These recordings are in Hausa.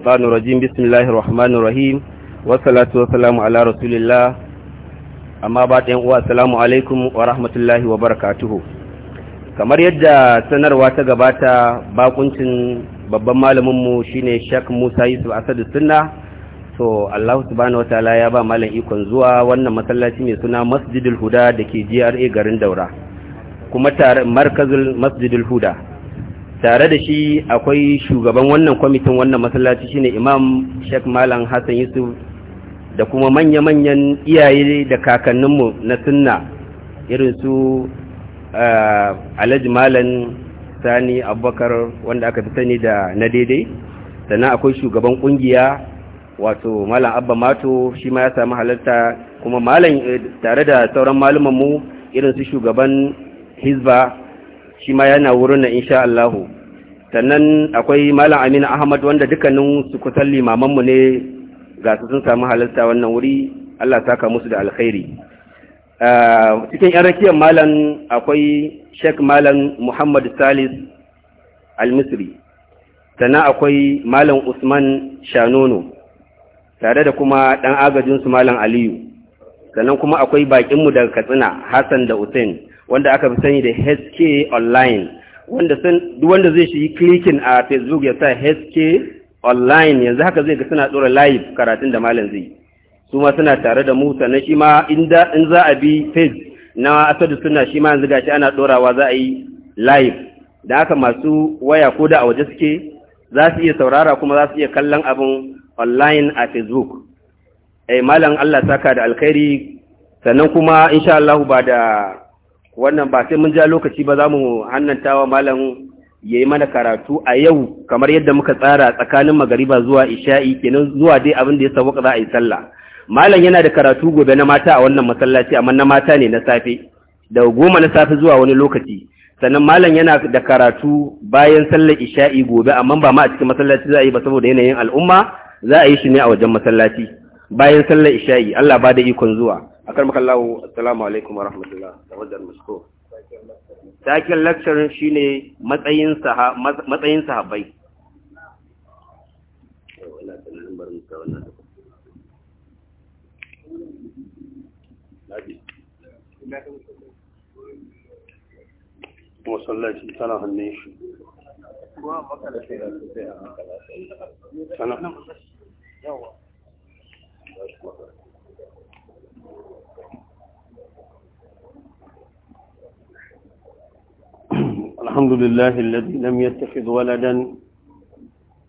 الشيطان الرجيم بسم الله الرحمن الرحيم ala rasulillah, amma ba الله uwa بعد السلام wa rahmatullahi wa وبركاته kamar yadda sanarwa ta gabata bakuncin babban malaminmu shine Sheikh Musa Yusuf Asadu Sunna to Allah subhanahu wataala ya ba malam ikon zuwa wannan masallaci mai suna Masjidul Huda dake GRA garin Daura kuma tare markazul Masjidul Huda tare da shi akwai shugaban wannan kwamitin wannan masallaci shine imam sheikh malam hassan yusuf da kuma manya-manyan iyaye da kakanninmu na sunna irin su eh, alhaji malam sani abubakar wanda aka fi sani da na daidai sannan akwai shugaban kungiya wato malam abba mato shi ma ya samu halarta kuma malam eh, tare da sauran malumanmu irin su shugaban hizba shi ma yana wurin na insha Allah sannan akwai malam Aminu Ahmad wanda dukkanin su kusan limaman mu ne ga su sun samu halarta wannan wuri Allah saka musu da alkhairi cikin yan rakiyar malam akwai Sheikh Malam Muhammad Salis Al-Misri sannan akwai malam Usman Shanono tare da kuma dan agajinsu malam Aliyu sannan kuma akwai bakin daga Katsina Hassan da Usain. wanda aka fi sani da HK online wanda wanda zai shi clicking a Facebook ya sa HK online yanzu haka zai ga suna dora live karatun da malam zai su ma suna tare da mu sannan shi ma in za a bi page na asadu suna shi ma yanzu gashi ana tsorawa za a yi live da haka masu waya ko da a waje suke za su iya saurara kuma za su iya kallon abin online a facebook eh malam Allah saka da alkhairi sannan kuma insha Allah ba da wannan ba sai mun ja lokaci ba za mu hannantawa malam ya yi mana karatu a yau kamar yadda muka tsara tsakanin magariba zuwa isha'i kenan zuwa dai abin da ya sauka za a yi sallah malam yana da karatu gobe na mata a wannan masallaci amma na mata ne na safe da goma na safe zuwa wani lokaci sannan malam yana da karatu bayan sallar isha'i gobe amma ba ma a cikin masallaci za a yi ba saboda yanayin al'umma za a yi shi ne a wajen masallaci bayan sallar isha'i Allah ba da ikon zuwa akan makallahu assalamu alaikum wa rahmatullah da wajen musko lakcarin shi ne matsayin matsayin masallaci tana hannun shi الحمد لله الذي لم يتخذ ولدا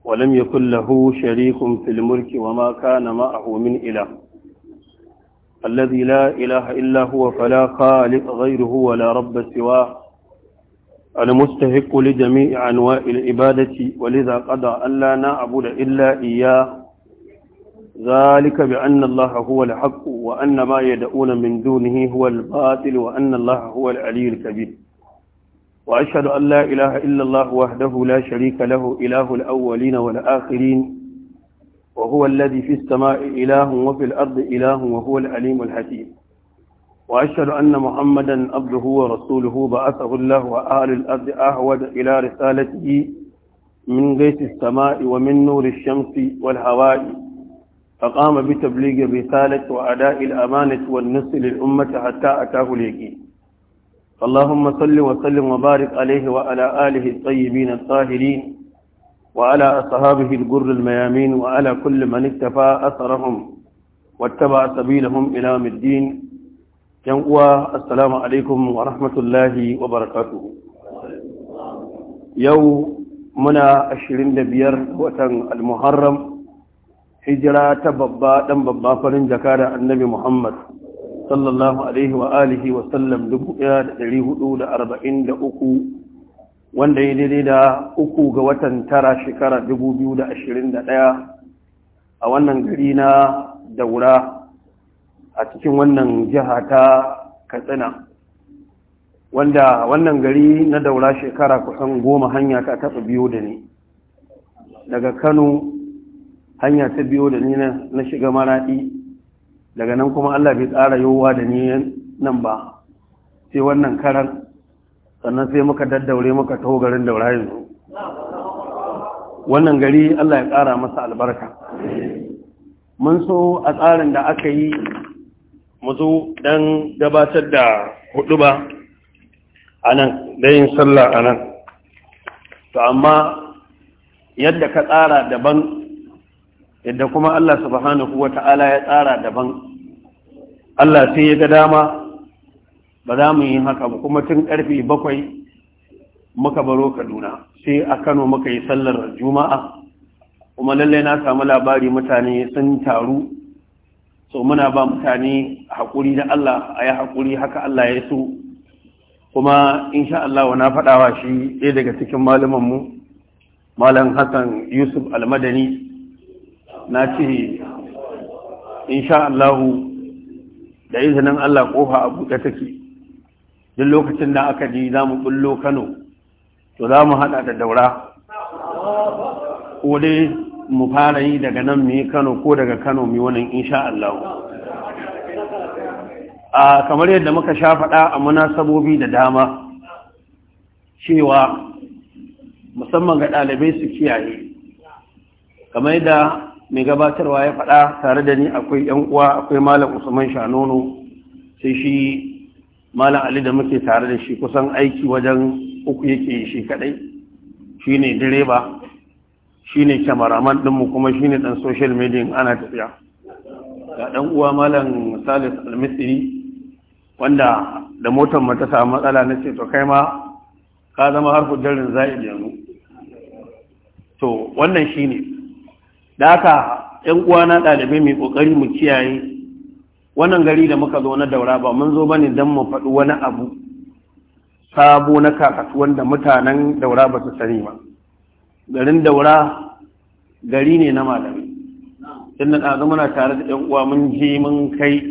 ولم يكن له شريك في الملك وما كان معه من إله الذي لا إله إلا هو فلا خالق غيره ولا رب سواه المستحق لجميع أنواع العبادة ولذا قضى أن لا نعبد إلا إياه ذلك بأن الله هو الحق وأن ما يدعون من دونه هو الباطل وأن الله هو العلي الكبير وأشهد أن لا إله إلا الله وحده لا شريك له إله الأولين والآخرين وهو الذي في السماء إله وفي الأرض إله وهو العليم الحكيم وأشهد أن محمدا عبده ورسوله بعثه الله وأهل الأرض أهود إلى رسالته من غيث السماء ومن نور الشمس والهواء فقام بتبليغ الرسالة وأداء الأمانة والنصر للأمة حتى أتاه اليقين اللهم صل وسلم وبارك عليه وعلى آله الطيبين الطاهرين وعلى أصحابه الغر الميامين وعلى كل من اكتفى أثرهم واتبع سبيلهم إلى الدين ينقوى السلام عليكم ورحمة الله وبركاته يوم منا أشرين دبير وطن المحرم hijira ta babba dan babba farin jaka da annabi Muhammad sallallahu alaihi wa alihi wa sallam 1443 wanda ya daidai da uku ga watan tara shekara 2021 a wannan gari na daura a cikin wannan jiha ta katsina wanda wannan gari na daura shekara kusan goma hanya ta taɓa biyo da ne daga kano hanya ta biyo da ni na shiga maraɗi daga nan kuma Allah bai tsara yowa da ni nan ba sai wannan karan sannan sai muka daddaure muka taho garin daura yanzu wannan gari Allah ya ƙara masa albarka mun so a tsarin da aka yi mu zo dan gabatar da hudu ba a nan da yin sallah a nan to amma yadda ka tsara daban yadda kuma Allah subhanahu wa ta'ala ya tsara daban Allah sai ya ga dama ba za mu yi haka ba kuma tun karfe bakwai muka baro Kaduna sai a Kano muka yi sallar Juma'a kuma lallai na samu labari mutane sun taru so muna ba mutane haƙuri da Allah a yi haƙuri haka Allah ya so kuma insha Allah na faɗawa shi ɗaya daga cikin mu, malam Hassan Yusuf Almadani na ce insha Allahu da izinin Allah kofa a buɗe take duk lokacin da aka ji za mu ɓullo Kano to za mu haɗa da daura ko dai mu fara yi daga nan mu Kano ko daga Kano mu wannan insha Allah a kamar yadda muka sha faɗa a munasabobi da dama cewa musamman ga ɗalibai su kiyaye kamar yadda. mai gabatarwa ya faɗa tare da ni akwai yan uwa akwai malam usman shanono sai shi malam ali da muke tare da shi kusan aiki wajen uku yake shi kadai shine direba shine cameraman ɗinmu kuma shine ɗan social media ana tafiya ga dan uwa malam salis almisiri wanda da motar ta samu matsala na ce to kai ma ka zama harfu jarin za'id yanzu to wannan shine da haka ‘yan uwana ɗalibai mai ƙoƙari mu kiyaye wannan gari da muka zo na daura ba mun zo bane don mu faɗi wani abu sabo na kakatu wanda mutanen daura ba su sani ba garin daura gari ne na malami inda ɗazu muna tare da ‘yan uwa mun je mun kai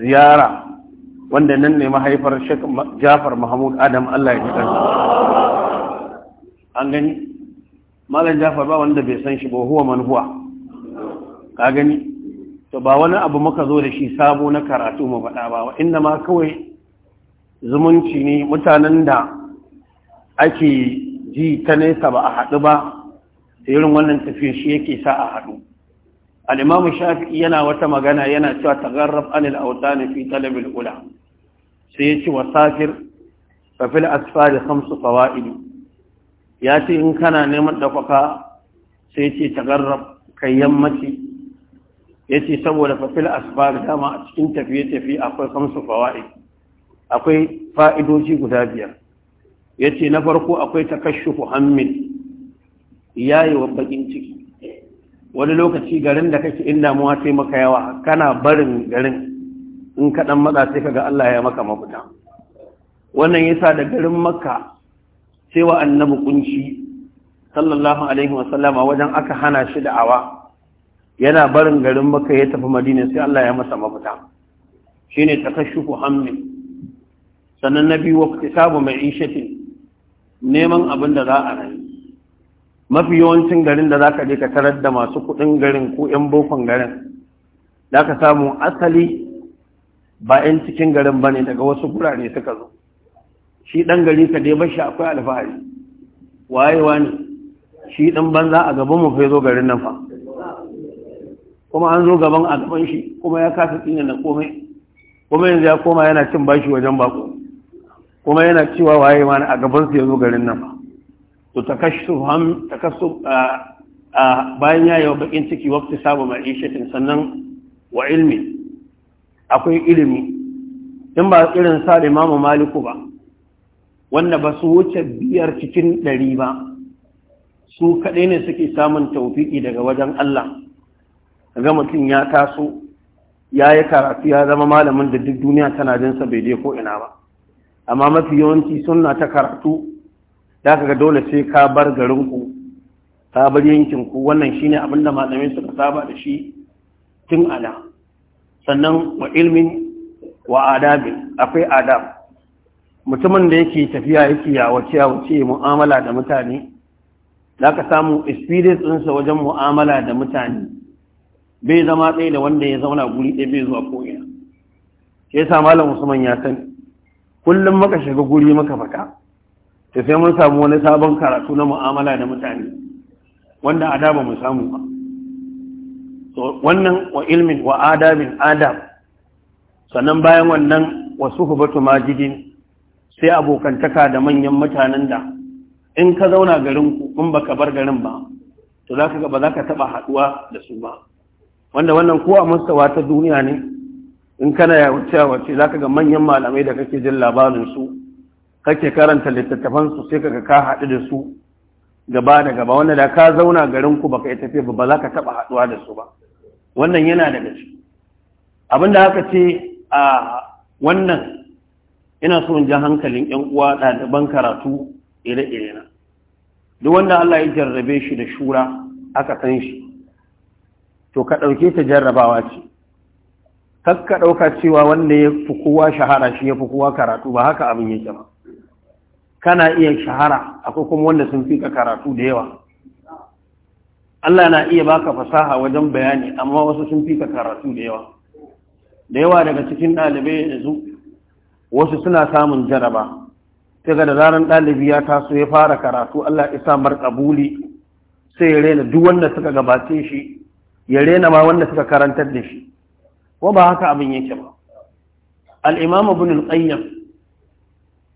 ziyara wanda nan ne mahaifar Jafar Mahmud Adam Allah ya ji an gani malam jafar ba wanda bai san shi ba huwa man huwa ka gani to ba wani abu muka zo da shi sabo na karatu mu faɗa ba inda ma kawai zumunci ne mutanen da ake ji ta nesa ba a haɗu ba irin wannan tafiyar shi yake sa a haɗu al'imamu shafi'i yana wata magana yana cewa tagarraf anil autani fi talabil ula sai ya ce wa safir fafil asfari hamsu fawa'idu ya ce in kana neman ɗaukaka sai ce tagarrab kai yammaci ya ce saboda fafil asbar dama a cikin tafiye-tafiye akwai kamsu fawa'i akwai fa'idoji guda biyar ya ce na farko akwai ta takashufu hammin yi wa bakin ciki wani lokaci garin da kake inda muwa sai maka yawa kana barin garin in kaɗan matsa sai kaga Allah ya maka mafuta wannan yasa da garin maka cewa annabi kunshi sallallahu alaihi wa sallama wajen aka hana shi da'awa yana barin garin maka ya tafi madina sai Allah ya masa mafita shine takashshufu sanan sannan na biyu waktisabu ma'ishatin neman abin da za a rayu mafi yawancin garin da zaka je ka tarar da masu kuɗin garin ko ƴan bokon garin zaka samu asali ba cikin garin bane daga wasu gurare suka zo shi ɗan gari ka dai bashi akwai alfahari wayewa ne shi ɗan banza a gaban mu fai zo garin nan fa kuma an zo gaban a gaban shi kuma ya kasa tsina na komai kuma yanzu ya koma yana cin bashi wajen bako kuma yana cewa waye ne a gaban su ya zo garin nan fa to takassu ham takassu a bayan ya wa bakin ciki wakti sabu ishatin sannan wa ilmi akwai ilimi in ba irin sa da imamu maliku ba wanda ba su wuce biyar cikin ɗari ba su kaɗai ne suke samun taufiki daga wajen Allah ga mutum ya taso ya yi karatu ya zama malamin da duk duniya tana jinsa bai dai ko ina ba amma mafi yawanci suna ta karatu da ga dole sai ka bar garinku ka bar yankinku wannan shine abin da malamai suka saba da shi tun ana sannan wa ilmin wa adabin akwai adab mutumin da yake tafiya yake ya wace mu'amala da mutane za ka samu experience ɗinsa wajen mu'amala da mutane bai zama ɗaya da wanda ya zauna guri ɗaya bai zuwa ko'ina shi sa malam musamman ya sani kullum maka shiga guri maka faka Ta sai mun samu wani sabon karatu na mu'amala da mutane wanda a ba mu samu ba wannan wa ilmin wa adabin adab sannan bayan wannan wa suhbatu majidin sai abokantaka da manyan mutanen da in ka zauna garin ku in baka bar garin ba to za ka ba za ka taɓa haɗuwa da su ba wanda wannan ko a mustawa ta duniya ne in kana ya wuce wace za ka ga manyan malamai da kake jin labarin su kake karanta littattafan su sai kaga ka haɗu da su gaba da gaba wanda da ka zauna garin ku baka yi tafiya ba za ka taɓa haɗuwa da su ba wannan yana daga ciki abinda haka ce a wannan ina so in ji hankalin yan uwa ɗaliban karatu ire-ire na duk wanda Allah ya jarrabe shi da shura aka san shi to ka ɗauke ta jarrabawa ce ka ɗauka cewa wanda ya fi kowa shahara shi ya fi kowa karatu ba haka abin ya ba kana iya shahara akwai kuma wanda sun fi ka karatu da yawa Allah na iya baka fasaha wajen bayani amma wasu sun fi ka karatu da yawa da yawa daga cikin ɗalibai yanzu wasu suna samun jaraba kaga da zaran ɗalibi ya taso ya fara karatu Allah isa marƙabuli sai ya rena duk wanda suka gabace shi ya rena ma wanda suka karantar da shi ko ba haka abin yake ba al-imam ibn al-qayyim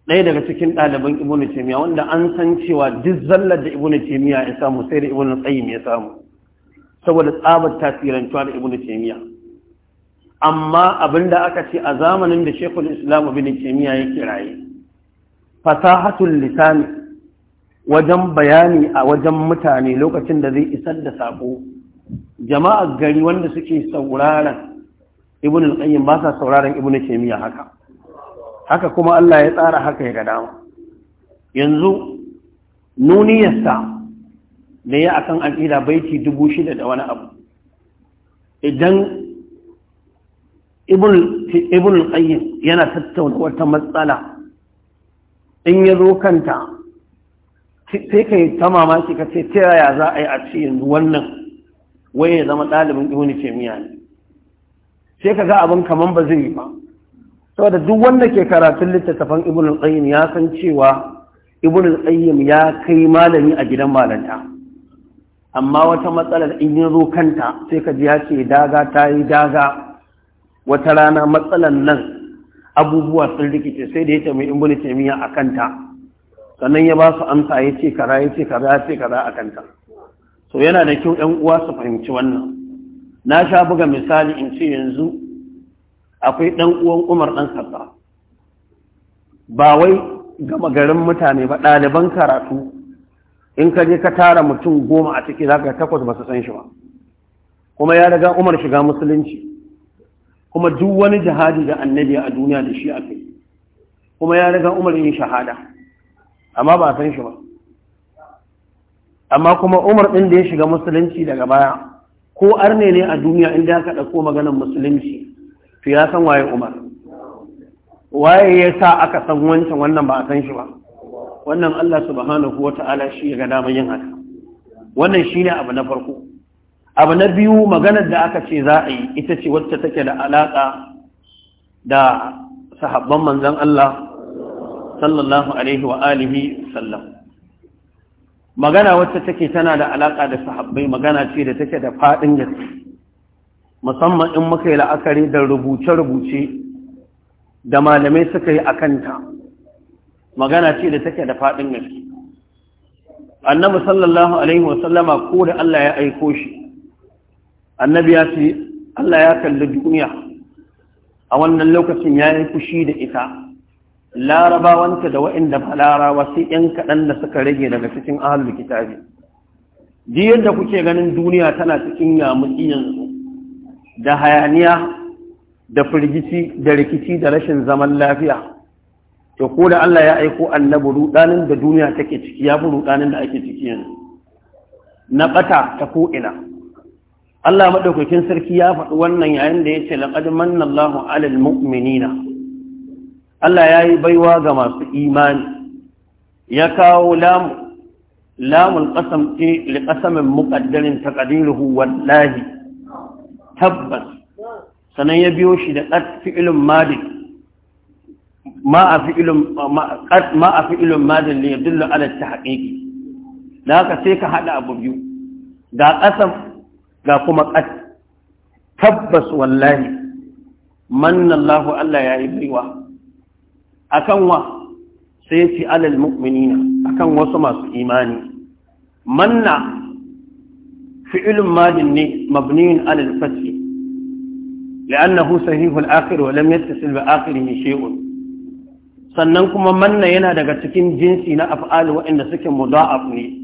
ɗaya daga cikin ɗaliban ibn taymiya wanda an san cewa duk zallar da ibn taymiya ya samu sai da ibn al-qayyim ya samu saboda tsabar tasirantuwa da ibn taymiya amma abin da aka ce a zamanin da shekul islam bin kimiyya ya kiraye fasahatul lisani wajen bayani a wajen mutane lokacin da zai isar da sako jama'ar gari wanda suke sauraron ibn al-qayyim ba sa sauraron ibn kimiyya haka haka kuma Allah ya tsara haka ya ga dama yanzu nuniyarsa da ya akan aqida baiti dubu shida da wani abu idan ibn al-qayyim yana tattauna wata matsala in ya zo kanta sai ka ta mamaki ka ce ta yaya za a yi a ce yanzu wannan wai ya zama ɗalibin ibn taymiya ne sai ka ga abin kaman ba zai yi ba saboda duk wanda ke karatun littattafan ibn al-qayyim ya san cewa ibn al-qayyim ya kai malami a gidan malanta amma wata matsalar in ya zo kanta sai ka ji ya ce daga ta yi daga wata rana matsalan nan abubuwa sun rikice sai da ya tambayi ibn taymiya a kanta sannan ya ba su amsa ya ce kara ya ce kara ya ce kara a kanta. so yana da kyau 'yan uwa su fahimci wannan na sha buga misali in ce yanzu akwai dan uwan Umar ɗan kasa ba wai gama garin mutane ba ɗaliban karatu in ka je ka tara mutum goma a ciki za ka takwas ba su san shi ba kuma ya riga umar shiga musulunci kuma duk wani jihadi da annabi a duniya da shi akai kuma ya riga umar yin shahada amma ba san shi ba amma kuma umar ɗin da ya shiga musulunci daga baya ko arne ne a duniya inda aka ɗauko maganar musulunci to ya san waye umar waye ya sa aka san wancan wannan ba a san shi ba wannan allah subhanahu wa ta'ala shi ya ga damar yin haka wannan shi ne abu na farko abu na biyu maganar da aka ce za a yi ita ce wacce take da alaƙa da sahabban manzan Allah sallallahu alaihi wa alihi sallam magana wacce take tana da alaƙa da sahabbai magana ce da take da faɗin gaske musamman in muka yi la'akari da rubuce-rubuce da malamai suka yi a kanta magana ce da take da faɗin gaske annabi sallallahu alaihi wa sallama ko da Allah ya aiko shi annabi ya ce Allah ya kalli duniya a wannan lokacin ya yi fushi da ita larabawanta da waɗanda ba larawa sai ‘yan kaɗan da suka rage daga cikin ahalul kitabi ji yadda kuke ganin duniya tana cikin yamutsi yanzu da hayaniya da firgici da rikici da rashin zaman lafiya to ko da Allah ya aiko annabi rudanin da duniya take ciki ya fi rudanin da ake ciki yanzu na ɓata ta ko'ina Allah madaukakin sarki ya faɗi wannan yayin da ya ce laqad manna Allahu 'alal mu'minina Allah ya yi baiwa ga masu imani ya kawo lamu lamul qasam ce li qasamin muqaddarin taqdiruhu wallahi tabbas sanan ya biyo shi da qad fi'lun madi ma a fi'lun ma qad ma a fi'lun madi li yadullu 'ala at-tahqiqi da haka sai ka hada abu biyu ga qasam ga kuma ƙat tabbas wallahi mannallahu Allah ya yi baiwa kan wa sai ya ce alal mu'minina kan wasu masu imani manna fi'ilun madin ne mabniyin alal fathi لأنه صحيح الآخر ولم يتصل بآخره شيء sannan kuma manna yana daga cikin jinsi na af'al waɗanda suke muda'af ne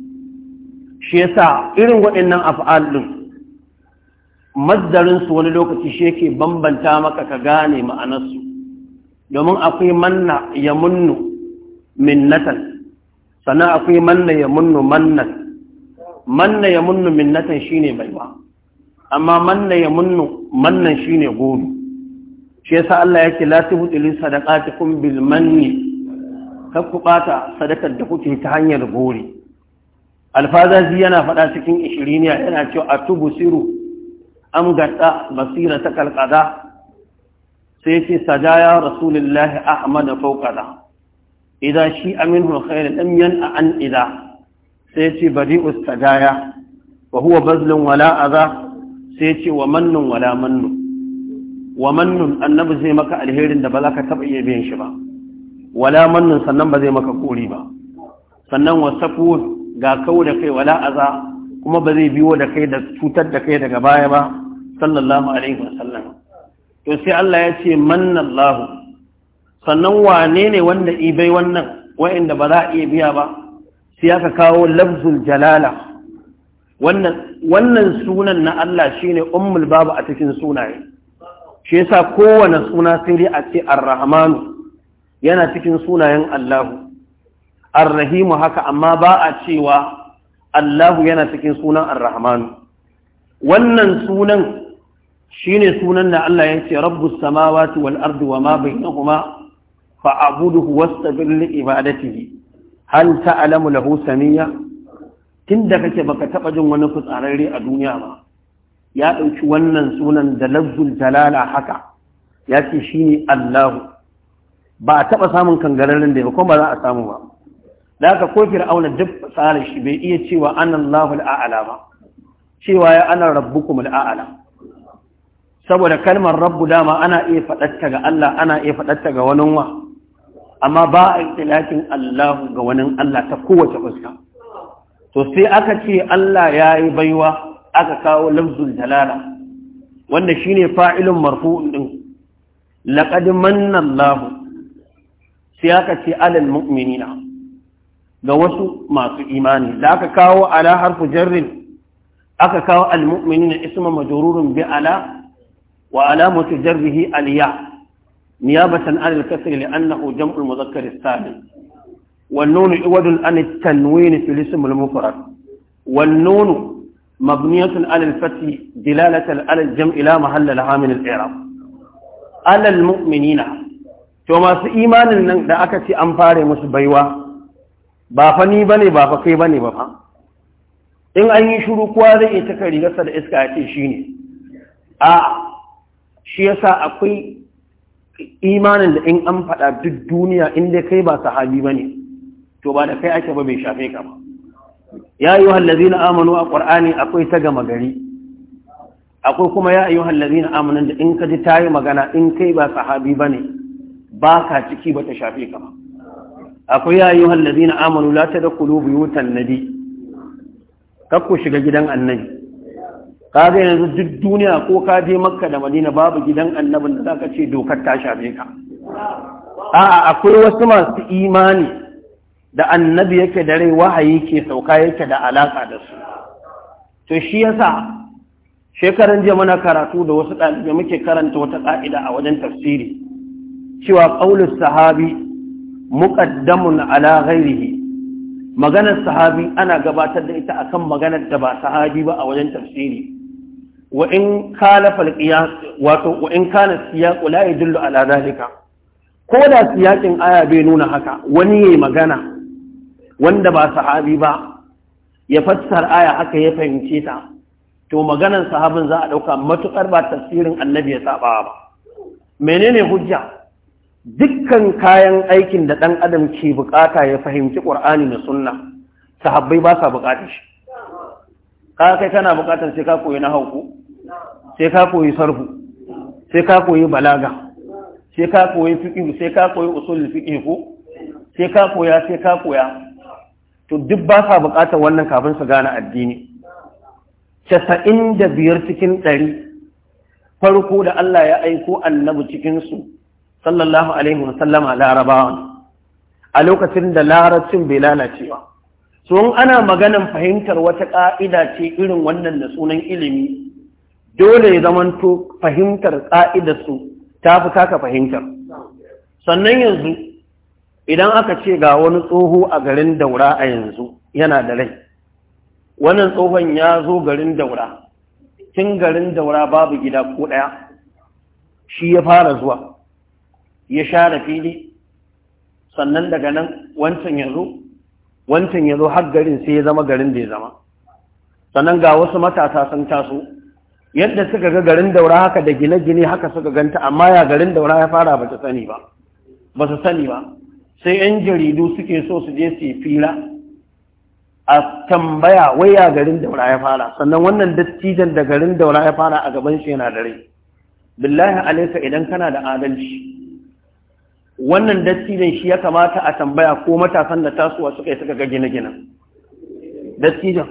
shi yasa irin waɗannan af'al din mazzarinsu wani lokaci shi yake bambanta maka ka gane ma'anarsu domin akwai manna ya munnu minnatan sannan akwai manna ya munnu mannan manna ya munnu minnatan shi ne baiwa amma manna ya munnu mannan shi ne gobe shi yasa Allah ya yake la tubtilu sadaqatikum bil manni kakku bata sadakar da kuke ta hanyar gori alfazazi yana faɗa cikin ishiriniya yana cewa a siru am gadda basira ta kalqada sai ce sajaya rasulullahi ahmad da fawqada idan shi aminhu khair lam a an ida sai ce badi'u sajaya wa huwa bazlun wala adha sai ce wa mannun wala mannun wa mannun annabi zai maka alherin da ba za ka taba iya biyan shi ba wala mannun sannan ba zai maka kori ba sannan wa safu ga kawo da kai wala aza kuma ba zai biyo da kai da cutar da kai daga baya ba sallallahu alaihi wasallam to sai Allah ya ce mannallahu sannan wane ne wanda ibai wannan wa'inda ba za a iya biya ba sai aka kawo lafzul jalala wannan sunan na Allah shine ummul babu a cikin sunaye shi yasa kowane suna sai dai a ce ar yana cikin sunayen Allahu Arrahimu haka amma ba a cewa Allahu yana cikin sunan ar wannan sunan shine sunan da Allah ya ce rabbus samawati wal ardi wama bainahuma fa'buduhu wasu li ibadatihi hal ta'lamu lahu samiyya tunda kake baka taba jin wani fitsararre a duniya ba ya ɗauki wannan sunan da lafzul jalala haka ya ce ne Allahu ba a taba samun kangararren da ba kuma ba za a samu ba da haka ko fir'auna duk tsarin shi bai iya cewa anallahu a'ala ba cewa ya ana rabbukum al'a'ala saboda kalmar rabbu dama ana iya faɗatta ga Allah ana iya faɗatta ga wani wa amma ba a itilafin Allah ga wani Allah ta kowace fuska to sai aka ce Allah ya yi baiwa aka kawo lafzul jalala wanda shine fa'ilun marfu'un din laqad manna sai aka ce alal mu'minina ga wasu masu imani da aka kawo ala harfu jarrin aka kawo al mu'minina isma majrurun bi ala وعلامة جره الياء نيابة عن الكسر لأنه جمع المذكر السالم والنون عوض عن التنوين في الاسم المفرد والنون مبنية على الفتح دلالة على الجمع لا محل لها من الإعراب على المؤمنين to masu imanin nan da aka ce an fare musu baiwa ba fa ni bane ba fa kai bane ba fa in an yi shiru kowa zai iya taka rigarsa da iska ya ce shine a shi yasa akwai imanin da in an faɗa duk duniya inda kai ba sahabi ba ne to ba da kai ake ba bai shafe ka ba ya yi hallazi na amanu a ƙwar'ani akwai ta gama gari akwai kuma ya yi hallazi na amanu da in ka ji ta yi magana in kai ba sahabi ba ne ba ka ciki ba ta shafe ka ba akwai ya yi hallazi na amanu la ta da kulu buyutan nabi kakku shiga gidan annabi kaga yanzu duk duniya ko ka je makka da madina babu gidan annabin da za ka ce dokar ta shafe ka a'a akwai wasu masu imani da annabi yake da rai wahayi ke sauka yake da alaka da su to shi yasa shekaran jiya muna karatu da wasu ɗalibai muke karanta wata ƙa'ida a wajen tafsiri cewa qaulus sahabi muqaddamun ala ghairihi maganar sahabi ana gabatar da ita akan maganar da ba sahabi ba a wajen tafsiri wa in kana falqiya wato wa in kana siyaqu la yadullu ala zalika ko da siyaqin aya bai nuna haka wani yayi magana wanda ba sahabi ba ya fassara aya haka ya fahimce ta to maganan sahabin za a ɗauka matukar ba tafsirin annabi ya saba ba menene hujja dukkan kayan aikin da ɗan adam ke bukata ya fahimci qur'ani da sunna sahabbai ba sa bukatar shi ka kai kana bukatar sai ka koyi na hau ko. sai ka koyi sarfu sai ka koyi balaga sai ka koyi fiqh sai ka koyi usulul fiqh ko sai ka koya sai ka koya to duk ba sa buƙatar wannan kafin su gane addini casa'in da biyar cikin ɗari farko da Allah ya aiko annabi cikinsu sallallahu alaihi wasallama larabawa a lokacin da larabcin bai lalacewa. ba ana maganan fahimtar wata ƙa'ida ce irin wannan da sunan ilimi dole ya zamanto fahimtar ƙa'idarsu ta fi kaka fahimtar sannan yanzu idan aka ce ga wani tsoho a garin daura a yanzu yana da rai wannan tsohon ya zo garin daura tun garin daura babu gida ko ɗaya shi ya fara zuwa ya share fili sannan daga nan wancan ya zo wancan ya zo har garin sai ya zama garin da ya zama sannan ga wasu matasa sun taso yadda suka ga garin daura haka da gine-gine haka suka ganta amma ya garin daura ya fara ba sani ba ba su sani ba sai 'yan jaridu suke so su je su fira a tambaya wai ya garin daura ya fara sannan wannan dattijan da garin daura ya fara a gaban shi yana dare billahi alaika idan kana da adalci wannan dattijan shi ya kamata a tambaya ko matasan da tasowa suka yi suka ga gine dattijan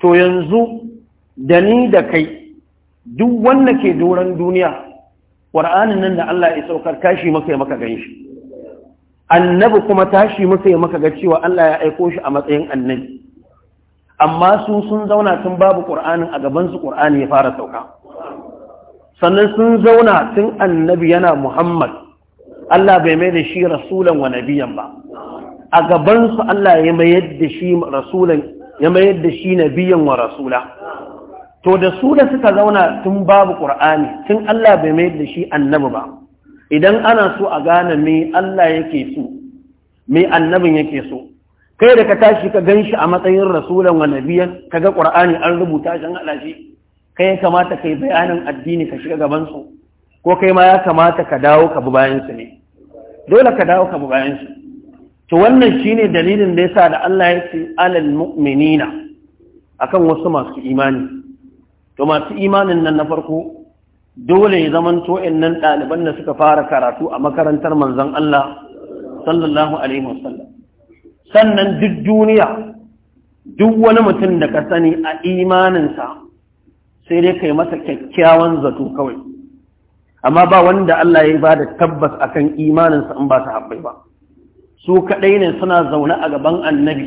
to yanzu da ni da kai duk wanda ke doron duniya ƙur'anin nan da Allah ya saukar tashi maka ya maka gan shi annabi kuma tashi maka ya maka ga cewa Allah ya aiko shi a matsayin annabi amma su sun zauna tun babu ƙwar'anin a gabansu ƙur'ani ya fara sauka sannan sun zauna tun annabi yana muhammad Allah bai mai da shi rasulan wa nabiyan ba a gabansu Allah ya mayar da shi rasulan ya mayar da shi nabiyan wa rasula to da su da suka zauna tun babu ƙur'ani tun Allah bai mai da shi annabi ba idan ana so a gane me Allah yake so me annabin yake so kai da ka tashi ka gan shi a matsayin rasulan wa nabiyan ka ga ƙur'ani an rubuta shi an haɗa shi kai ya kamata kai bayanin addini ka shiga gabansu, ko kai ma ya kamata ka dawo ka bi bayan ne dole ka dawo ka bi bayan to wannan shine dalilin da yasa da Allah ya ce alal mu'minina akan wasu masu imani to masu imanin nan na farko dole ya zaman to'in nan ɗaliban da suka fara karatu a makarantar manzan Allah sallallahu Alaihi wasallam sannan duk duniya duk wani mutum da ka sani a imaninsa sai dai kai masa kyakkyawan zato kawai amma ba wanda Allah ya ba da tabbas akan imaninsa in ba ta haɓai ba su kaɗai ne suna zaune a gaban annabi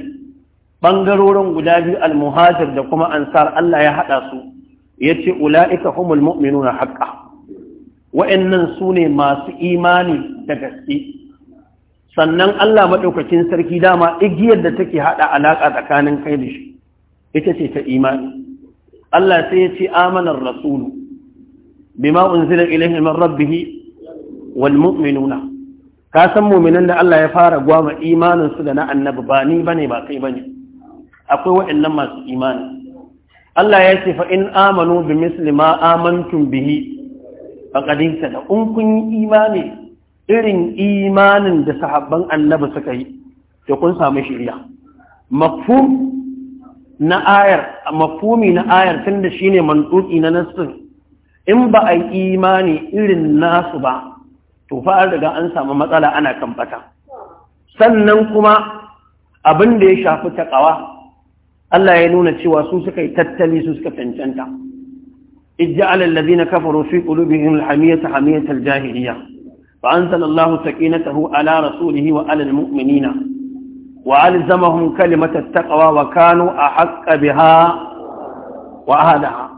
ɓangarorin guda biyu almuhajir da kuma ansar Allah ya haɗa su yace ulaika humul mu'minuna haqqan wa'annan sune masu imani da gaske sannan Allah madaukakin sarki dama igiyar da take hada alaka tsakanin kai da shi ita ce ta imani Allah sai ya ce amanar rasulu bima unzila ilaihi min rabbih wal mu'minuna ka san mu'minan da Allah ya fara gwama imanin su da na annabi ba ni bane ba kai bane akwai waɗannan masu imani Allah ya ce fa in amanu bi misli ma bihi bihi ƙadinsa da in kun yi imani irin imanin da sahabban annabi suka yi da kun samu shirya. Mafumi na ayar tun da shi tunda shine mantuki na nassin in ba a yi imani irin nasu ba to fa an riga an samu matsala ana kan sannan kuma abin da ya shafi takawa Allah ya nuna cewa su suka yi tattali su suka cancanta ijja'al alladhina kafaru fi qulubihim alhamiyata hamiyata aljahiliya fa anzala Allahu sakinatahu ala rasulihi wa ala almu'minina wa alzamahum kalimata attaqwa wa kanu ahqqa biha wa ahadaha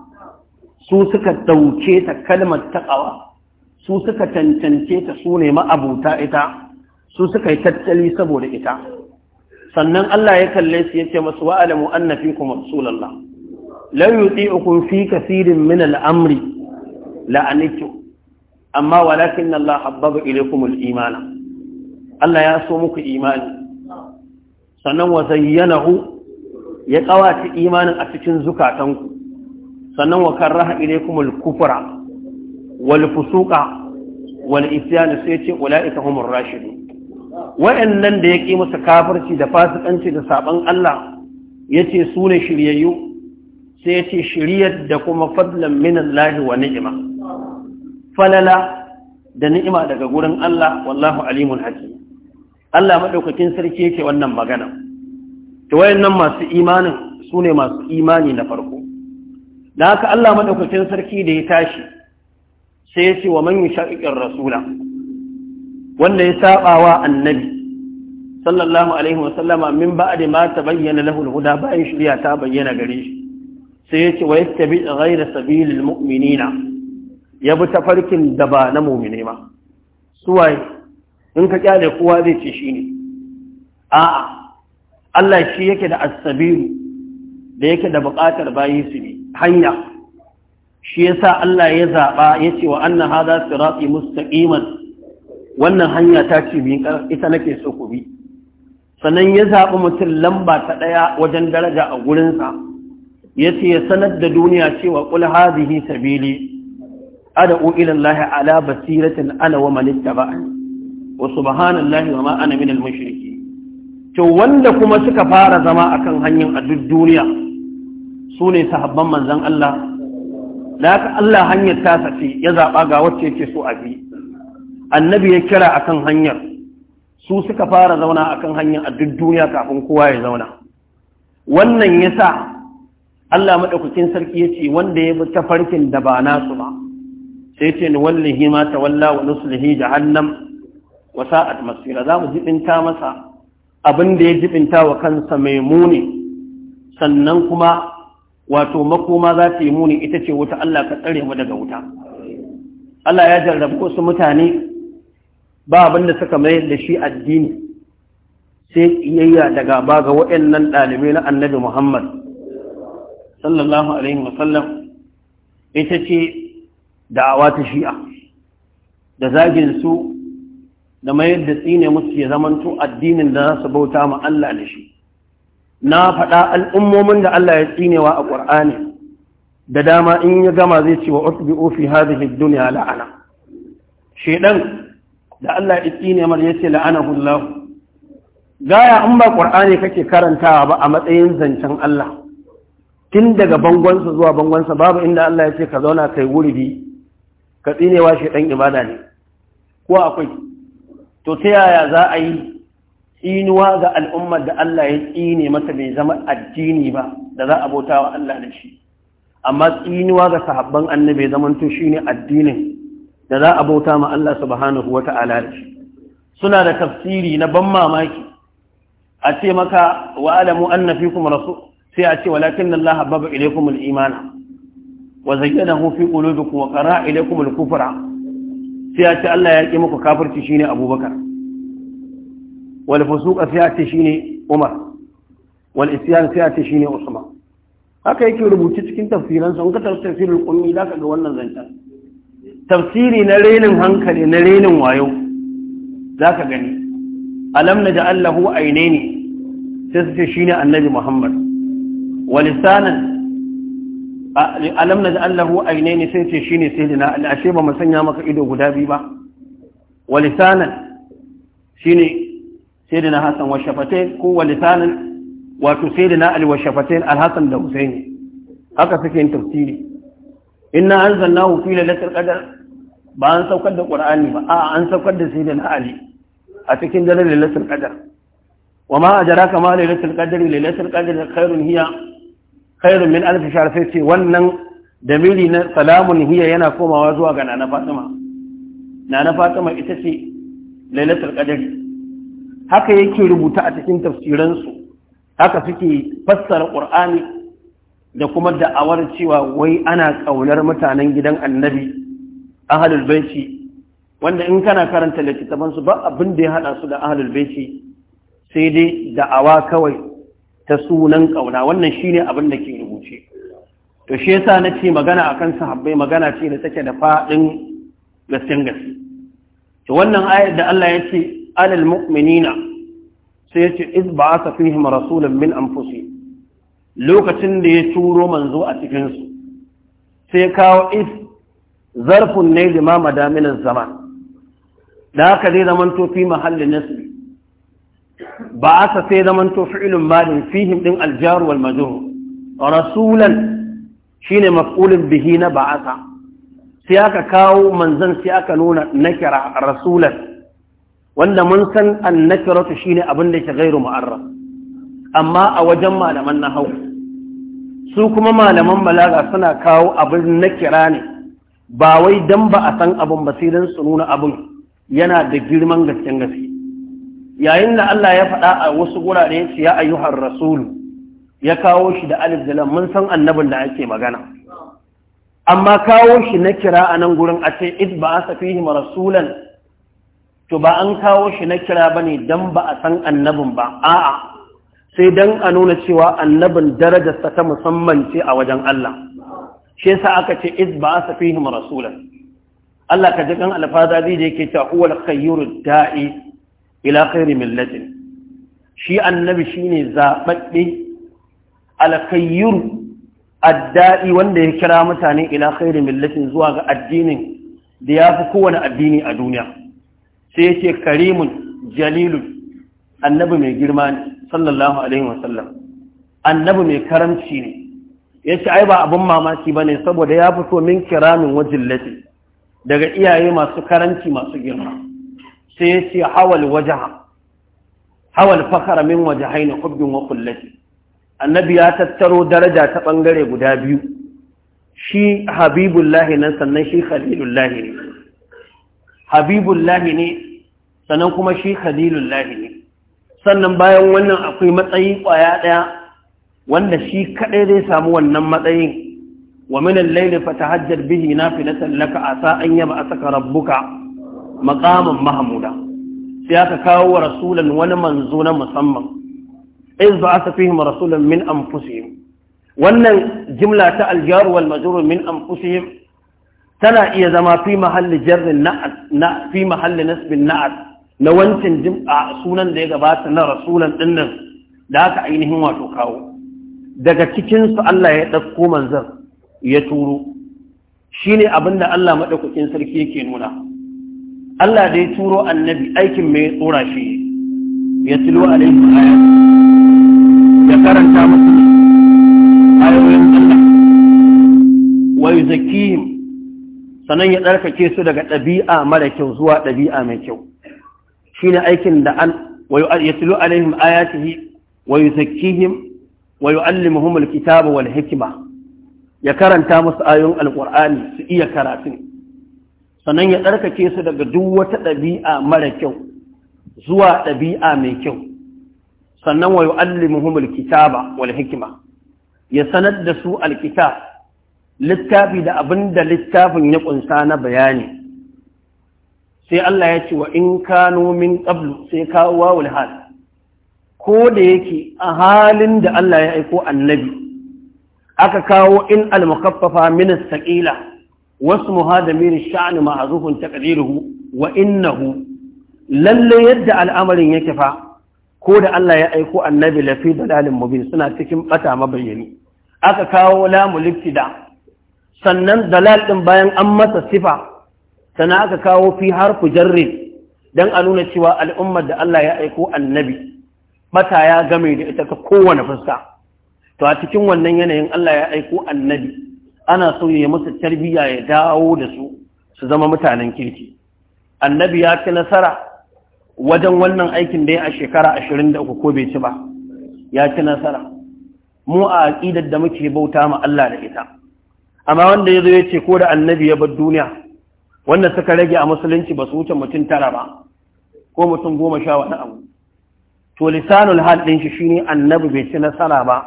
su suka dauke ta kalmar taqwa su suka cancance ta sune ma'abuta ita su suka yi tattali saboda ita sannan Allah ya kalle su yace masu wa'alamu anna fikum rasulullah law yuti'ukum fi kathirin min al'amri, amri amma walakin Allah habbaba ilaykum al Allah ya so muku imani sannan wa zayyanahu ya kawata imanin a cikin zukatanku sannan wa karraha ilaykum al-kufra wal fusuqa wal isyan sai ce ulaika humur rashidun wayannan da ya ƙi musu kafirci da fasikanci da saɓan Allah ya ce su ne shiryayyu sai ya ce shiryar da kuma fadlan minan lahi wa ni'ima falala da ni'ima daga gurin Allah wallahu alimun hakim Allah maɗaukakin sarki yake wannan magana ta wayannan masu imanin su ne masu imani na farko da haka Allah maɗaukakin sarki da ya tashi sai ya ce wa man yushaqiqir rasula wanda ya saba wa annabi sallallahu alaihi wa wasallama min ba'di ma tabayyana lahu al-huda bayan shari'a ta bayyana gare shi sai yace wa yattabi ghayra sabilil mu'minina ya bi ta farkin da ba na mu'mine ma suwaye in ka kyale kowa zai ce shine a'a Allah shi yake da as-sabil da yake da buƙatar bayi su ne hanya shi yasa Allah ya zaba yace wa anna hadha sirati mustaqiman wannan hanya ta ce bi ita nake so ku bi sannan ya zaɓi mutum lamba ta ɗaya wajen daraja a gurinsa ya ce ya sanar da duniya cewa ƙul hazihi sabili ad'u ila Allah ala basiratin ana wa man ittaba'ani wa subhanallahi wa ma ana min al to wanda kuma suka fara zama akan hanyar a duk duniya su ne sahabban manzon Allah da Allah hanyar ta sace ya zaɓa ga wacce yake so a bi annabi ya kira akan hanyar su suka fara zauna akan hanyar a duk duniya kafin kowa ya zauna wannan ya sa Allah maɗaukakin sarki ya ce wanda ya bi tafarkin da ba nasu ba sai ce ni wallahi ma ta walla wa nuslihi jahannam wa sa'at masira za mu jibinta masa abin da ya jibinta wa kansa mai muni sannan kuma wato makoma za ta yi muni ita ce wuta Allah ka tsare mu daga wuta Allah ya jarrabu wasu mutane ba abin da suka mayar da shi addini sai iyayya da gaba ga waɗannan ɗalibai na annabi Muhammad sallallahu alaihi sallam. ita ce da'awa ta shi'a da zagin su da mayar da tsine musu ya zamanto addinin da za su bauta ma Allah da shi na faɗa al'ummomin da Allah ya tsinewa a ƙur'ani da dama in ya gama zai ce wa utbi'u fi hadhihi dunya la'ana shedan da Allah iski ne mar yace la'anahu Allah gaya in ba Qur'ani kake karantawa ba a matsayin zancen Allah tun daga bangonsa zuwa bangonsa babu inda Allah ya ce ka zauna kai wurbi ka tsine shi dan ibada ne ko akwai to ta yaya za a yi tsinuwa ga al'ummar da Allah ya tsine mata bai zama addini ba da za a bautawa Allah da shi amma tsinuwa ga sahabban annabi zaman to shine addinin da za a bauta ma Allah subhanahu wa ta'ala da shi suna da tafsiri na ban mamaki a ce maka wa alamu anna kuma rasu, sai a ce walakin Allah habbaba ilaykum al-iman wa zayyanahu fi qulubikum wa qara ilaykum al-kufra sai a ce Allah ya ki muku kafirci shine Abubakar wal fusuqa sai a ce shine Umar wal isyan sai a ce shine Usman haka yake rubuce cikin tafsiransa in ka tafsirul za ka ga wannan zancen tafsiri na renin hankali na renin wayo za ka gani alam na ja'allahu aine ne sai su ce shi ne annabi muhammad walisanan alam na ja'allahu aine ne sai ce shi ne sai dina ashe ba musanya maka ido guda biyu ba walisanan shi ne sai dina hassan washafatai ko walisanan wato sai dina alwashafatai alhassan da husaini haka suke yin tafsiri inna anzalnahu fi lailatul qadr ba an saukar da ƙur'ani ba a an saukar da sai da na a cikin daren lailatul qadar wa ma ajraka ma lailatul qadr ƙadar da khairun hiya khairun min alf sai ce wannan damiri na salamun hiya yana komawa zuwa ga nana fatima nana fatima ita ce lailatul ƙadar haka yake rubuta a cikin tafsiransu haka suke fassara ƙur'ani da kuma da'awar cewa wai ana ƙaunar mutanen gidan annabi ahlul baiti wanda in kana karanta littattafan su ba abin da ya hada su da ahlul baiti sai dai da'awa kawai ta sunan kauna wannan shine abin da ke rubuce to shi yasa nace magana akan sahabbai magana ce da take da fadin gasken gaske to wannan ayar da Allah ya ce alal mu'minina sai ya ce iz ba'atha fihim rasulun min anfusihim lokacin da ya turo manzo a cikin su sai kawo iz zarfun ne lima madaminin zaman da haka zai zamanto fi mahallin ba sai zamanto fi'ilun malin fihim din aljaru wal majrur rasulan shine maf'ulun bihi na ba'asa sai aka kawo manzan sai aka nuna nakira rasulan wanda mun san annakiratu shine abin da ke gairu mu'arraf amma a wajen malaman hau. su kuma malaman balaga suna kawo abin nakira ne ba wai dan ba a san abin ba sai dan su nuna abin yana da girman gasken gaske yayin da Allah ya faɗa a wasu gurare su ya ayyuhar rasulu ya kawo shi da alif da lam mun san annabin da ake magana amma kawo shi na kira a nan gurin a ce id ba asa fihim rasulan to ba an kawo shi na kira bane dan ba a san annabin ba a'a sai dan a nuna cewa annabin darajarsa ta musamman ce a wajen Allah shi yasa aka ce iz ba sa fihim rasulan Allah ka jikan alfaza zai je ke ta huwal khayru da'i ila khayri millatin shi annabi shine zababbe alkhayru adda'i wanda ya kira mutane ila khairin millatin zuwa ga addinin da ya fi kowane addini a duniya sai ya ce karimun jalilun annabi mai girma ne sallallahu alaihi sallam, annabi mai karamci ne ya ce ai ba abin mamaki ba ne saboda ya fito min kiramin wajen lati daga iyaye masu karanci masu girma sai ya ce hawal wajaha hawal fakara min waje haini hubbin wa annabi ya tattaro daraja ta bangare guda biyu shi habibullahi nan sannan shi khalilullahi ne habibullahi ne sannan kuma shi khalilullahi ne sannan bayan wannan akwai matsayi kwaya daya wanda shi kadai zai samu wannan matsayin wa min al-layl hajjar bihi nafilatan laka asa an yaba asaka rabbuka maqaman mahmuda sai aka kawo wa rasulan wani manzo na musamman iz ba'atha fihim rasulan min anfusihim wannan jimla ta al-jar wal majrur min anfusihim tana iya zama fi mahalli jarrin na fi mahalli na'at na wancan jim'a sunan da ya gabata na rasulan dinnan da aka ainihin wato kawo daga cikinsu Allah ya ɗauko manzan ya turo shi ne abin da Allah maɗaukakin sarki yake nuna Allah da ya turo annabi aikin mai tsora shi ya tilo alaihi aya ya karanta musu ayoyin Allah wa yuzakkihim sanan ya tsarkake su daga ɗabi'a mara kyau zuwa ɗabi'a mai kyau shine aikin da an wa yatlu alaihim ayatihi wa wa yu'allimuhum alkitaba wal hikma ya karanta musu ayoyin alqur'ani su iya karatun sannan ya tsarkake su daga duk wata ɗabi'a mara kyau zuwa ɗabi'a mai kyau sannan wa yu'allimuhum alkitaba wal hikma ya sanar da su alkitab littafi da abin da littafin ya kunsa na bayani sai Allah ya ce wa in kanu min qablu sai kawo wawul hal ko da yake a halin da Allah ya aiko annabi aka kawo in al-mukaffafa min as-saqila wasu muhadamir sha'an ma'azufun taqdiruhu wa innahu lalle yadda al'amarin yake fa ko da Allah ya aiko annabi lafi dalalin mubin suna cikin bata mabayyani aka kawo lamu liftida sannan dalal din bayan an masa sifa sannan aka kawo fi harfu jarri dan a nuna cewa al'ummar da Allah ya aiko annabi mataya ya game da ita ta kowane fuska to a cikin wannan yanayin Allah ya aiko annabi ana so ya masa tarbiyya ya dawo da su su zama mutanen kirki annabi ya ci nasara wajen wannan aikin da ya a shekara 23 ko bai ci ba ya ci nasara mu a aƙidar da muke bauta ma Allah da ita amma wanda ya zo ya ce ko da annabi ya bar duniya wanda suka rage a musulunci ba su wuce mutum tara ba ko mutum goma sha wani abu to lisanul hal din shi shine annabi bai ci nasara ba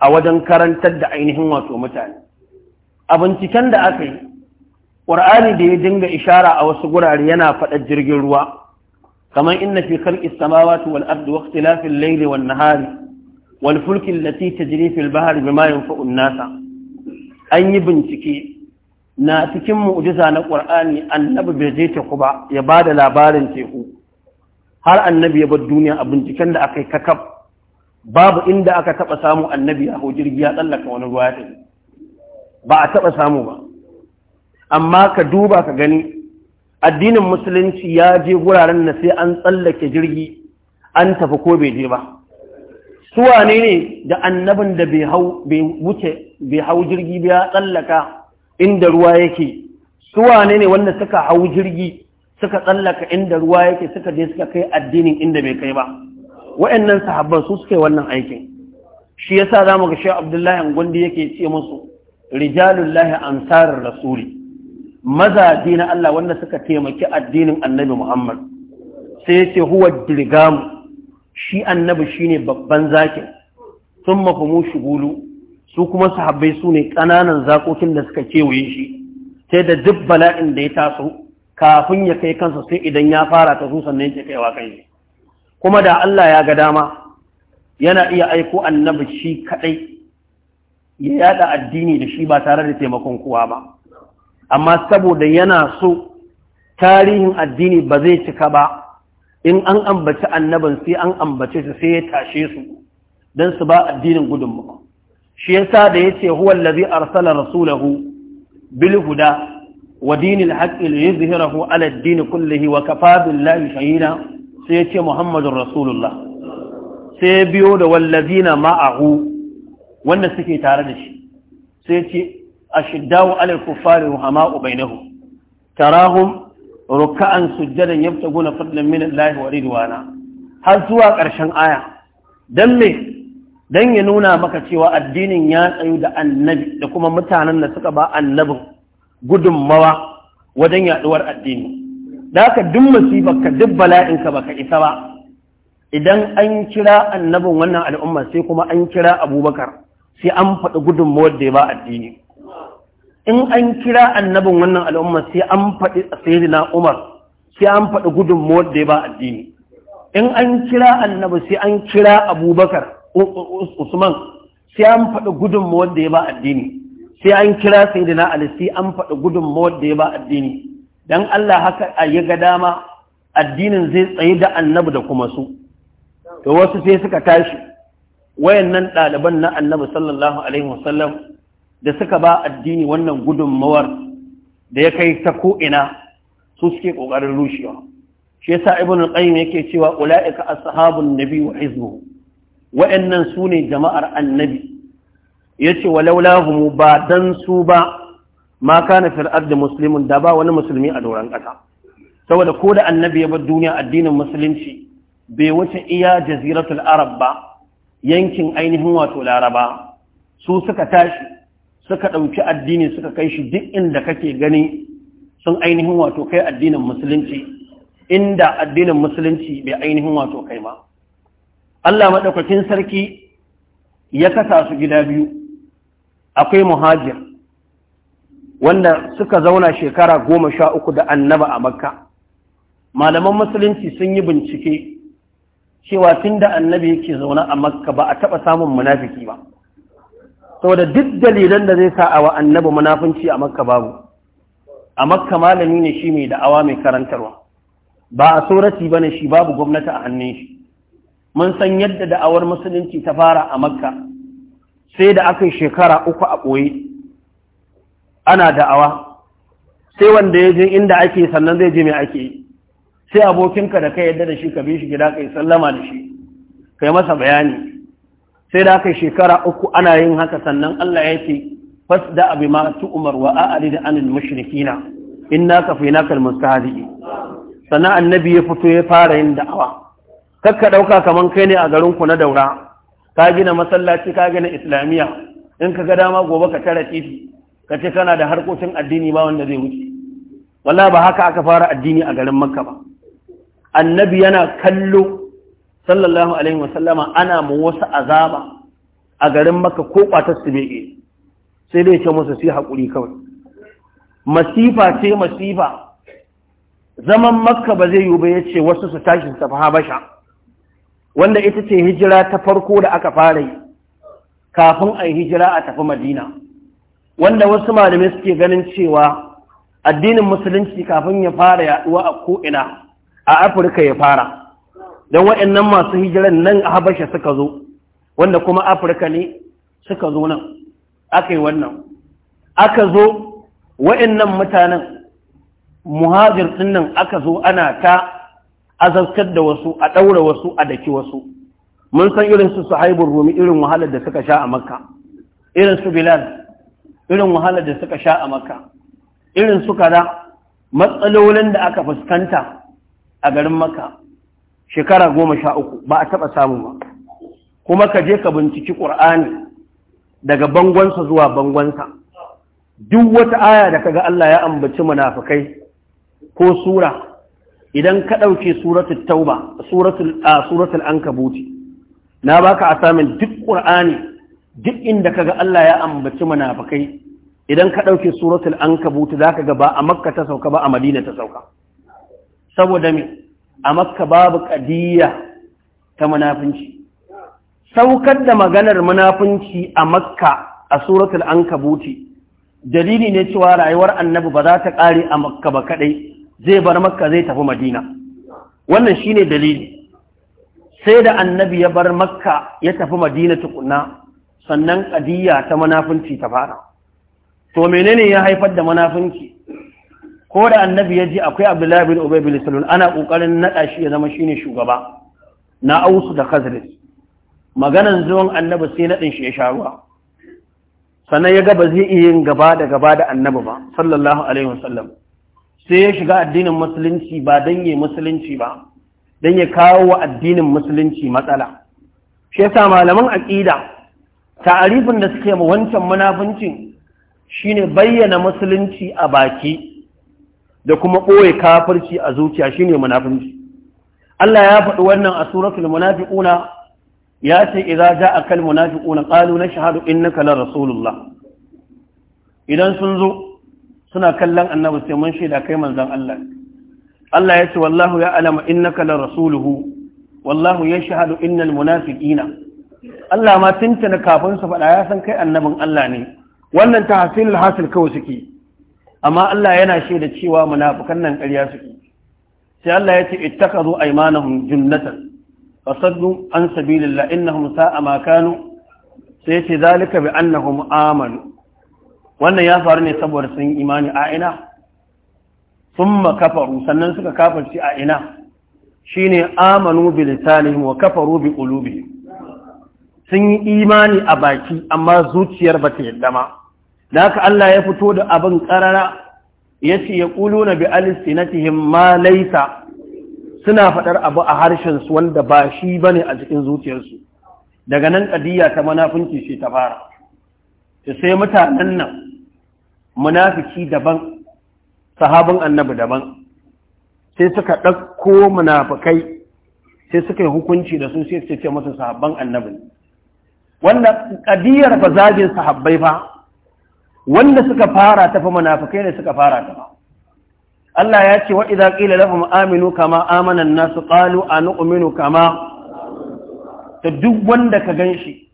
a wajen karantar da ainihin wato mutane a binciken da aka yi ƙur'ani da ya dinga ishara a wasu gurare yana faɗa jirgin ruwa kamar inna fi khalqis samawati wal ardi wa ikhtilafil layli wan nahari wal fulki allati tajri fil bahri bima yanfa'u an-nasa an yi bincike na cikin mu'jiza na ƙur'ani annabi bai je teku ba ya ba da labarin teku har annabi ya bar duniya a binciken da aka yi kakaf babu inda aka taba samu annabi a ya tsallaka wani ruwa ya ba a taba samu ba amma ka duba ka gani addinin musulunci ya je wuraren na sai an tsallake jirgi an tafi ko bai je ba Su wane ne da annabin da bai wuce bai hau jirgi ba ya tsallaka inda ruwa yake Su wane ne wanda suka hau jirgi suka tsallaka inda ruwa yake suka je suka kai addinin inda bai kai ba wa'annan sahabban su suka yi wannan aikin shi yasa zamu ga shi Abdullahi Gondi yake ce musu rijalullahi ansarar rasuli mazaje na Allah wanda suka taimaki addinin Annabi Muhammad sai yace huwa dirgam shi annabi shine babban zakin thumma humu shugulu su kuma sahabbai su ne ƙananan zakokin da suka kewaye shi sai da duk bala'in da ya taso kafin ya kai kansa sai idan ya fara ta su sannan yake kaiwa kai kuma da Allah ya ga dama yana iya aiko annabi shi kadai ya yada addini da shi ba tare da taimakon kowa ba amma saboda yana so tarihin addini ba zai cika ba in an ambaci annabin sai an ambace su sai ya tashe su don su ba addinin gudunmawa shi yasa da yace ce allazi arsala rasulahu bil huda wa dinil haqqi li yuzhirahu ala ad-din kullihi wa kafa billahi shahida sai ce muhammadur rasulullah sai biyo da wallazina ma'ahu wanda suke tare da shi sai ya ce ashiddau ala al-kuffari ruhama'u bainahum tarahum ruka'an sujjadan yabtaguna fadlan min Allah wa har zuwa ƙarshen aya dan me don ya nuna maka cewa addinin ya tsayu da annabi da kuma mutanen da suka ba annabin gudunmawa wajen yaduwar addini da haka duk masifar ka duk bala'inka baka isa ba idan an kira annabin wannan al'umma sai kuma an kira abubakar sai an faɗi gudunmawar da ya ba addini in an kira annabin wannan al'umma sai an faɗi sayyidina umar sai an faɗi gudunmawar da ya ba addini in an kira annabi sai an kira abubakar usman sai an faɗi gudunmawar da ya ba addini sai an kira sayyidina ali sai an faɗi gudummawar da ya ba addini dan Allah haka a yi ga dama addinin zai tsaye da annabi da kuma su to wasu sai suka tashi wayannan ɗaliban na annabi sallallahu alaihi wasallam da suka ba addini wannan gudunmawar da ya kai ta ko'ina su suke ƙoƙarin rushewa shi yasa ibn al-qayyim yake cewa ula'ika ashabun nabi wa hizbu wayannan ne jama'ar annabi yace walaulahum ba dan su ba ma kana fil ardi muslimun da ba wani musulmi a doran kasa saboda ko da annabi ya bar duniya addinin musulunci bai wuce iya jaziratul arab ba yankin ainihin wato laraba su suka tashi suka ɗauki addini suka kai shi duk inda kake gani sun ainihin wato kai addinin musulunci inda addinin musulunci bai ainihin wato kai ba. Allah madaukakin sarki ya kasa su gida biyu akwai muhajir wanda suka zauna shekara goma sha uku da annaba a makka malaman musulunci sun yi bincike cewa tun da annabi yake zaune a makka ba a taɓa samun munafiki ba saboda duk dalilan da zai sa awa annabi munafunci a makka babu a makka malami ne shi mai da'awa mai karantarwa ba a sorati ba ne shi babu gwamnati a hannun shi mun san yadda da'awar musulunci ta fara a makka sai da aka shekara uku a ɓoye ana da'awa sai wanda ya je inda ake sannan zai je mai ake yi sai abokinka da kai yadda da shi ka bi shi gida kai sallama da shi kai masa bayani sai da aka shekara uku ana yin haka sannan Allah ya ce Fas da abi ma umar wa a'rid anil mushrikina inna kafaynaka almustahzi'in sannan annabi ya fito ya fara yin da'awa kakka dauka kaman kai ne a garin ku na daura ka gina masallaci ka gina islamiyya in ka ga dama gobe ka tara titi ka ce kana da harkokin addini ba wanda zai wuce Wala ba haka aka fara addini a garin makka ba annabi yana kallo sallallahu alaihi wasallama ana mu wasu azaba a garin makka ko kwatar su bai sai dai ce musu su haƙuri kawai masifa ce masifa zaman makka ba zai yi ba ya ce wasu su tashi su tafi habasha wanda ita ce hijira ta farko da aka fara yi kafin a hijira a tafi madina wanda wasu malamai suke ganin cewa addinin musulunci kafin ya fara yaduwa a ko'ina a afirka ya fara don waɗannan masu hijiran nan a habasha suka zo wanda kuma afirka ne suka zo nan aka yi wannan aka zo waɗannan mutanen muhajir nan aka zo ana ta azaskar da wasu a ɗaura wasu a daki wasu mun san irin su sahaibul rumi irin wahalar da suka sha a makka irin su bilal irin wahalar da suka sha a makka irin su kada matsalolin da aka fuskanta a garin makka shekara goma sha uku ba a taɓa samu ba kuma ka je ka binciki ƙur'ani daga bangonsa zuwa bangonsa duk wata aya da kaga Allah ya ambaci munafukai ko sura idan ka ɗauke suratul tauba suratul suratul ankabuti na baka asamin duk qur'ani duk inda ka ga Allah ya ambaci munafikai idan ka ɗauke suratul ankabuti zaka ga ba a makka ta sauka ba a madina ta sauka saboda me a makka babu qadiyya ta munafinci saukar da maganar munafinci a makka a suratul ankabuti dalili ne cewa rayuwar annabi ba za ta kare a makka ba kadai zai bar makka zai tafi madina wannan shine dalili sai da annabi ya bar makka ya tafi madina tukunna sannan ƙadiyya ta manafinci ta fara to menene ya haifar da manafinci ko da annabi ya ji akwai abdullahi bin ubay bin salul ana kokarin naɗa shi ya zama shine shugaba na ausu da khazraj maganan zuwan annabi sai naɗin shi ya sha ruwa sannan ya ga ba zai iya yin gaba da gaba da annabi ba sallallahu alaihi wasallam sai ya shiga addinin musulunci ba don yi musulunci ba don ya kawo wa addinin musulunci matsala shi yasa malaman aƙida ta'arifin da suke ma wancan munafincin shine bayyana musulunci a baki da kuma ɓoye kafirci a zuciya shine munafinci Allah ya faɗi wannan a suratul munafiquna ya ce idza ƙalu munafiquna qalu nashhadu innaka la rasulullah idan sun zo suna kallon annabi sai mun shaida kai manzon Allah Allah ya ce wallahu ya alama innaka la rasuluhu wallahu ya shahadu innal munafiqina Allah ma tuntuna kafin su faɗa ya san kai annabin Allah ne wannan ta tahsilul hasil kawai suke amma Allah yana shaida cewa munafikan nan ƙarya suke sai Allah ya ce ittakhadhu aymanahum junnatan fasaddu an sabilillah innahum sa'a ma kanu sai ce zalika bi annahum amanu wannan ya faru ne saboda sun imani a ina thumma kafaru sannan suka kafarci a ina Shi ne amanu bi wa kafaru bi Ulubi. sun yi imani a baki amma zuciyar ba ta yadda ma da haka Allah ya fito da abin karara yace na bi na ma laisa suna faɗar abu a harshensu wanda ba shi ba ne a cikin zuciyarsu daga nan ƙadiyya ta manafinci shi ta fara sai mutanen nan munafiki daban sahabin annabi daban sai suka ɗauko munafikai sai suka yi hukunci da su sai su ce musu sahabban annabi wanda kadiyar fa zagin sahabbai fa wanda suka fara tafi munafikai ne suka fara tafa Allah ya ce wa idza qila lahum aminu kama amana an-nasu qalu anu'minu kama to duk wanda ka ganshi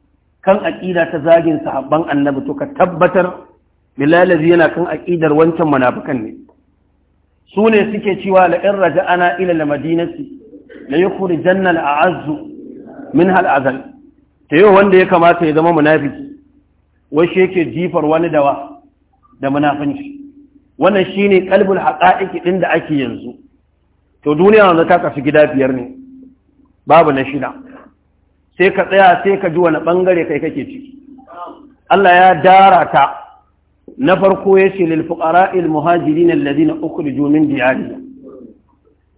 kan aqida ta zagin sahabban annabi to ka tabbatar bilalazi yana kan aƙidar wancan munafikan ne su ne suke cewa la'in raja'ana ila madinati la yukhrijanna al'azzu min hal azal ta yau wanda ya kamata ya zama munafiki wai yake jifar wani dawa da munafinci wannan shine qalbul haqa'iq din da ake yanzu to duniya yanzu ta kafi gida biyar ne babu na shida sai ka tsaya sai ka ji wani bangare kai kake ciki Allah ya dara ta na farko ya ce na ilmuhajirin uku ukhrijoo min diyarihim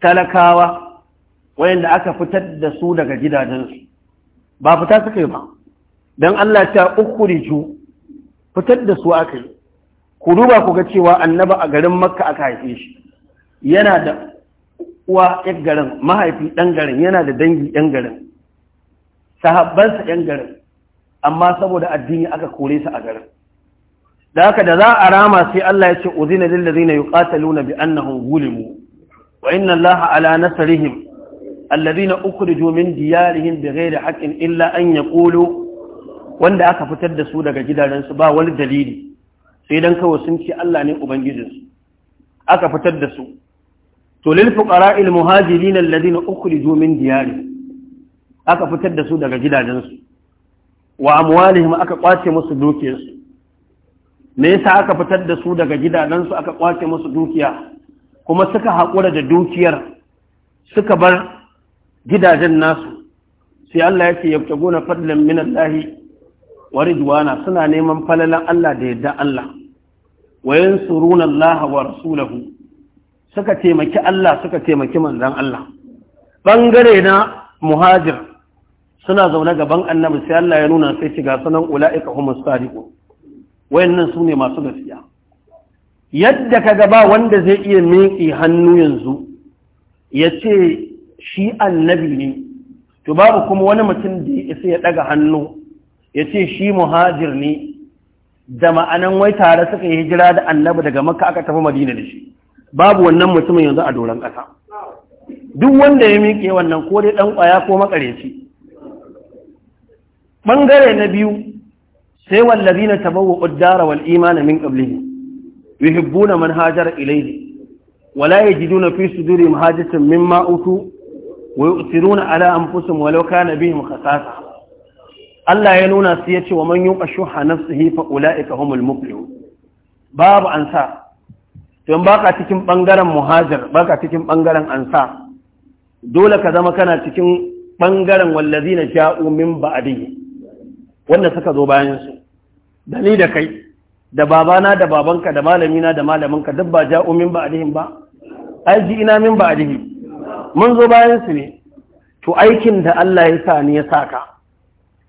talakawa wayanda aka fitar da su daga gidajensu ba fita suka yi ba dan Allah ta ukhriju fitar da su aka yi ku duba ku ga cewa annaba a garin makka aka haife shi yana da uwa yan garin mahaifi ɗan garin yana da dangi yan garin sahabbansa yan garin amma saboda addini aka kore su a garin da haka da za a rama sai Allah ya ce uzina lil ladina yuqataluna bi annahum zulimu wa inna Allaha ala uku da ukhriju min diyarihim bighairi haqqin illa an ƙolo. wanda aka fitar da su daga gidajensu ba wani dalili sai don kawai sun ce Allah ne ubangijinsu aka fitar da su to ilmu lil fuqara'il muhajirin uku da min diyari. aka fitar da su daga gidajensu wa amwalihim aka kwace musu dukiyarsu me yasa aka fitar da su daga gidajensu aka kwace musu dukiya kuma suka haƙura da dukiyar suka bar gidajen nasu sai Allah ya ce yabtaguna fadlan min Allah wa ridwana suna neman falalan Allah da yadda Allah wa yansuruna Allah wa rasulahu suka taimaki Allah suka taimaki manzon Allah bangare na muhajir suna zaune gaban annabi sai Allah ya nuna sai shiga sanan ula'ika humus sadiqun wayannan su ne masu gaskiya yadda ka gaba wanda zai iya miƙi hannu yanzu ya ce shi annabi ne to babu kuma wani mutum da ya isa ya ɗaga hannu ya ce shi muhajir ne da ma'anan wai tare suka yi hijira da annabi daga makka aka tafi madina da shi babu wannan mutumin yanzu a doron ƙasa duk wanda ya miƙe wannan ko dai ɗan ƙwaya ko makareci ɓangare na biyu sai wallazina na ad-dara wal imana min qablihi yuhibbuna man hajara ilayhi wala yajiduna fi sudurihim hajatan mimma utu wa yu'thiruna ala anfusihim walau kana bihim khasasa Allah ya nuna su ce wa man yuqashuha nafsihi fa ulaika humul muflihun babu ansa don baka cikin bangaren muhajar, baka cikin bangaren ansa dole ka zama kana cikin bangaren na ja'u min ba'dihi wanda suka zo bayan su da ni da kai da babana da babanka da malamina da malaminka duk ba ja'u min ba'dihim ba ji ina min ba'dihim mun zo bayan su ne to aikin da Allah ya sa ni ya sa saka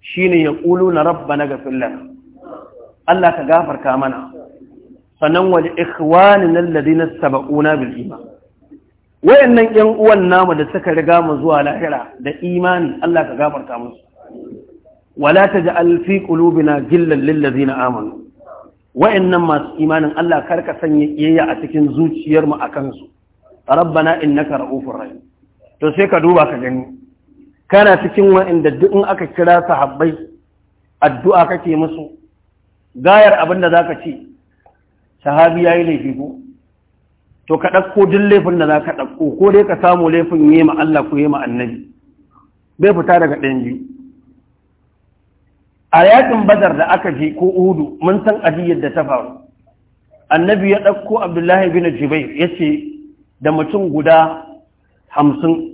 shine ya qulu na rabbana ghafir lana Allah ka gafarta mana sannan wal ikhwanina alladhina sabaquna bil iman wayannan yan uwan namu da suka riga mu zuwa lahira da imani Allah ka gafarta musu wala ta taj'al fi qulubina ghillan lil ladzina amanu wa'annan masu imanin Allah kar ka sanya kiyayya a cikin zuciyar mu akan su rabbana innaka ra'ufur rahim to sai ka duba ka gani kana cikin wa'anda duk in aka kira sahabbai addu'a kake musu gayar abin da zaka ce sahabi yayi laifi ko to ka ɗauko duk laifin da za ka ɗauko ko dai ka samu laifin yi ma Allah ko yi ma annabi Zai fita daga ɗayan a yakin bazar da aka je ko uhudu mun san ajiyar da ta faru annabi ya ɗauko abdullahi bin jubair ya ce da mutum guda hamsin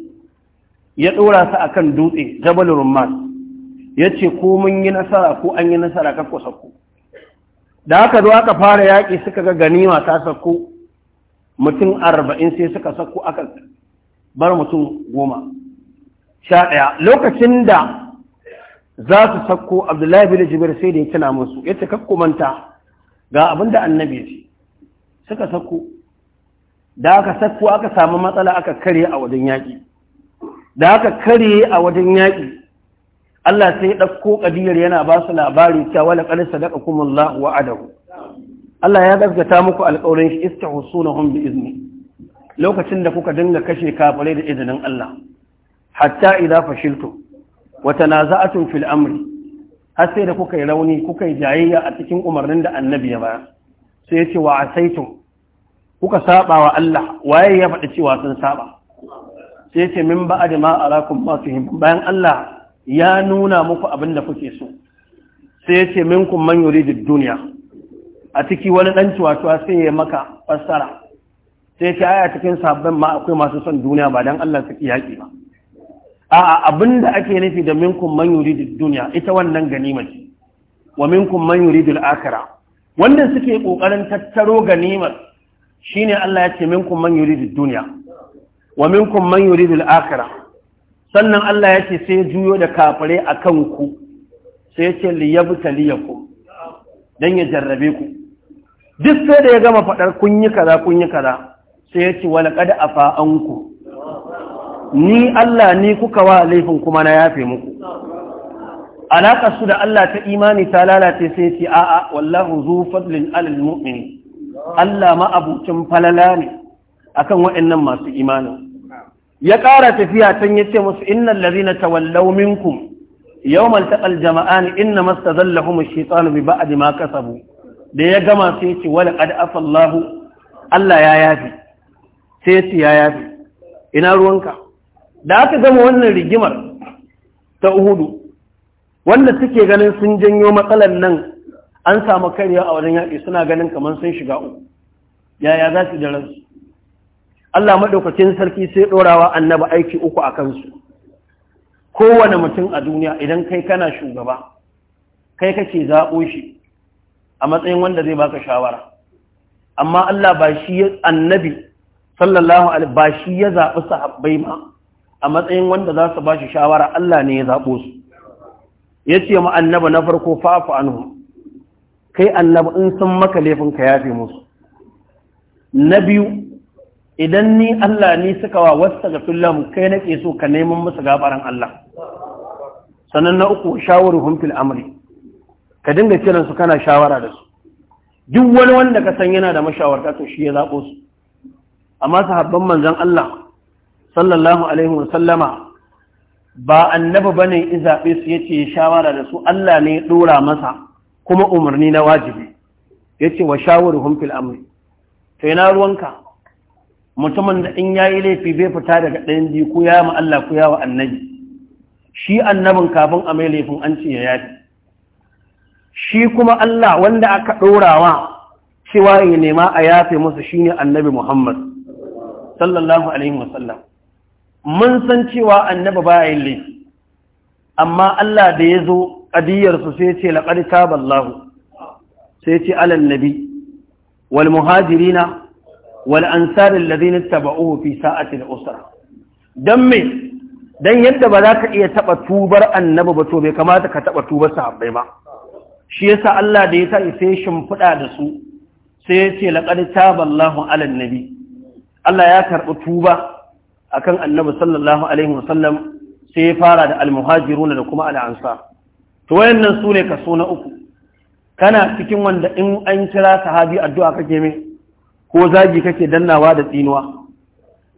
ya ɗora su a kan dutse jabal rumman ya ce ko mun yi nasara ko an yi nasara ka ko sakko da aka zo aka fara yaƙi suka ga ganima ta sakko mutum arba'in sai suka sakko aka bar mutum goma sha ɗaya lokacin da za su sakko abdullahi bin jibir sai da ya tuna musu ya ce manta ga abin da annabi ce suka sakko da aka sakko aka samu matsala aka kare a wajen yaƙi da aka kare a wajen yaƙi Allah sai ya ɗauko ƙadiyar yana ba su labari cewa wala qad sadaqakum Allah wa'adahu Allah ya gaskata muku alƙawarin shi istahusunahum bi izni lokacin da kuka dinga kashe kafirai da izinin Allah hatta idza fashiltum wata na tun fil amri har sai da kuka yi rauni kuka yi jayayya a cikin umarnin da annabi ya baya sai ya ce wa asaitum kuka saba wa Allah waye ya faɗi cewa sun saba sai ya ce min ba da ma arakum ma fihim bayan Allah ya nuna muku abin da kuke so sai ya ce minkum man yuridu dunya a ciki wani dan ciwaciwa sai ya maka fassara sai ya ce aya cikin sabbin ma akwai masu son duniya ba dan Allah su yaƙi ba a'a da ake nufi da minkum man yuridu dunya ita wannan ganima ce wa minkum man yuridu al-akhirah wanda suke kokarin tattaro ganimar shine Allah ya ce minkum man yuridu dunya wa minkum man yuridu al-akhirah sannan Allah ya ce sai juyo da kafare akan ku sai ya ce liyabtaliyakum dan ya jarrabe ku duk sai da ya gama fadar kun yi kaza kun yi kaza sai ya ce walaqad afa anku ni Allah ni kuka wa laifin kuma na yafe muku alaƙar su da Allah ta imani ta lalace sai ce a'a wallahu zu fadlin alal mu'mini Allah ma abucin falala ne akan waɗannan masu imani ya ƙara tafiya can ya ce musu innal ladhina tawallaw minkum yawmal taqal jama'an inna mastazallahum ash-shaytanu bi ba'di ma kasabu da ya gama sai ce wala qad afallahu Allah ya yafi sai ya yafi ina ruwanka da aka gama wannan rigimar ta uhudu wanda suke ganin sun janyo matsalar nan an samu karewa a wajen yaƙi suna ganin kamar sun shiga uku yaya za su da ransu Allah maɗaukacin sarki sai ɗorawa annaba aiki uku a kansu kowane mutum a duniya idan kai kana shugaba kai kake zaɓo shi a matsayin wanda zai baka shawara amma Allah ba shi annabi sallallahu alaihi ba shi ya zaɓi sahabbai ma a matsayin wanda za su ba shi shawara Allah ne ya zaɓo su ya ce ma annaba na farko fafu anhu kai annaba in sun maka laifin ka yafe musu na biyu idan ni Allah ni suka wa wasta ga fillam kai nake so ka neman musu gafaran Allah sannan na uku shawaruhum fil amri ka dinga kiran su kana shawara da su duk wani wanda ka san yana da mashawarta to shi ya zaɓo su amma sahabban manzon Allah sallallahu alaihi wasallama ba annabi bane in zaɓe su yace shawara da su Allah ne ɗora masa kuma umarni na wajibi yace wa shawaruhum fil amri to ina ruwanka mutumin da in yayi laifi bai fita daga ɗayan biyu ko ya ma Allah ko ya wa annabi shi annabin kafin a mai laifin an ce ya yafi shi kuma Allah wanda aka ɗorawa cewa ya nema a yafe musu shine annabi Muhammad sallallahu alaihi wasallam mun san cewa annaba ba yin laifi amma Allah da ya zo ƙadiyarsu sai ce laƙar taballahu sai ce alal nabi wal muhajirina wal ansarin ladinin taba'uhu fi sa'atin usra don me don yadda ba za ka iya taɓa tubar annabi ba to bai kamata ka taɓa tubar sahabbai ba shi yasa Allah da ya sa sai shimfiɗa da su sai ya ce laƙar taballahu alal nabi Allah ya karɓi tuba akan annabi sallallahu alaihi wasallam sai ya fara da almuhajiruna da kuma al'ansa. to wayannan su ne kaso na uku kana cikin wanda in an kira sahabi addu'a kake mai ko zagi kake dannawa da tsinuwa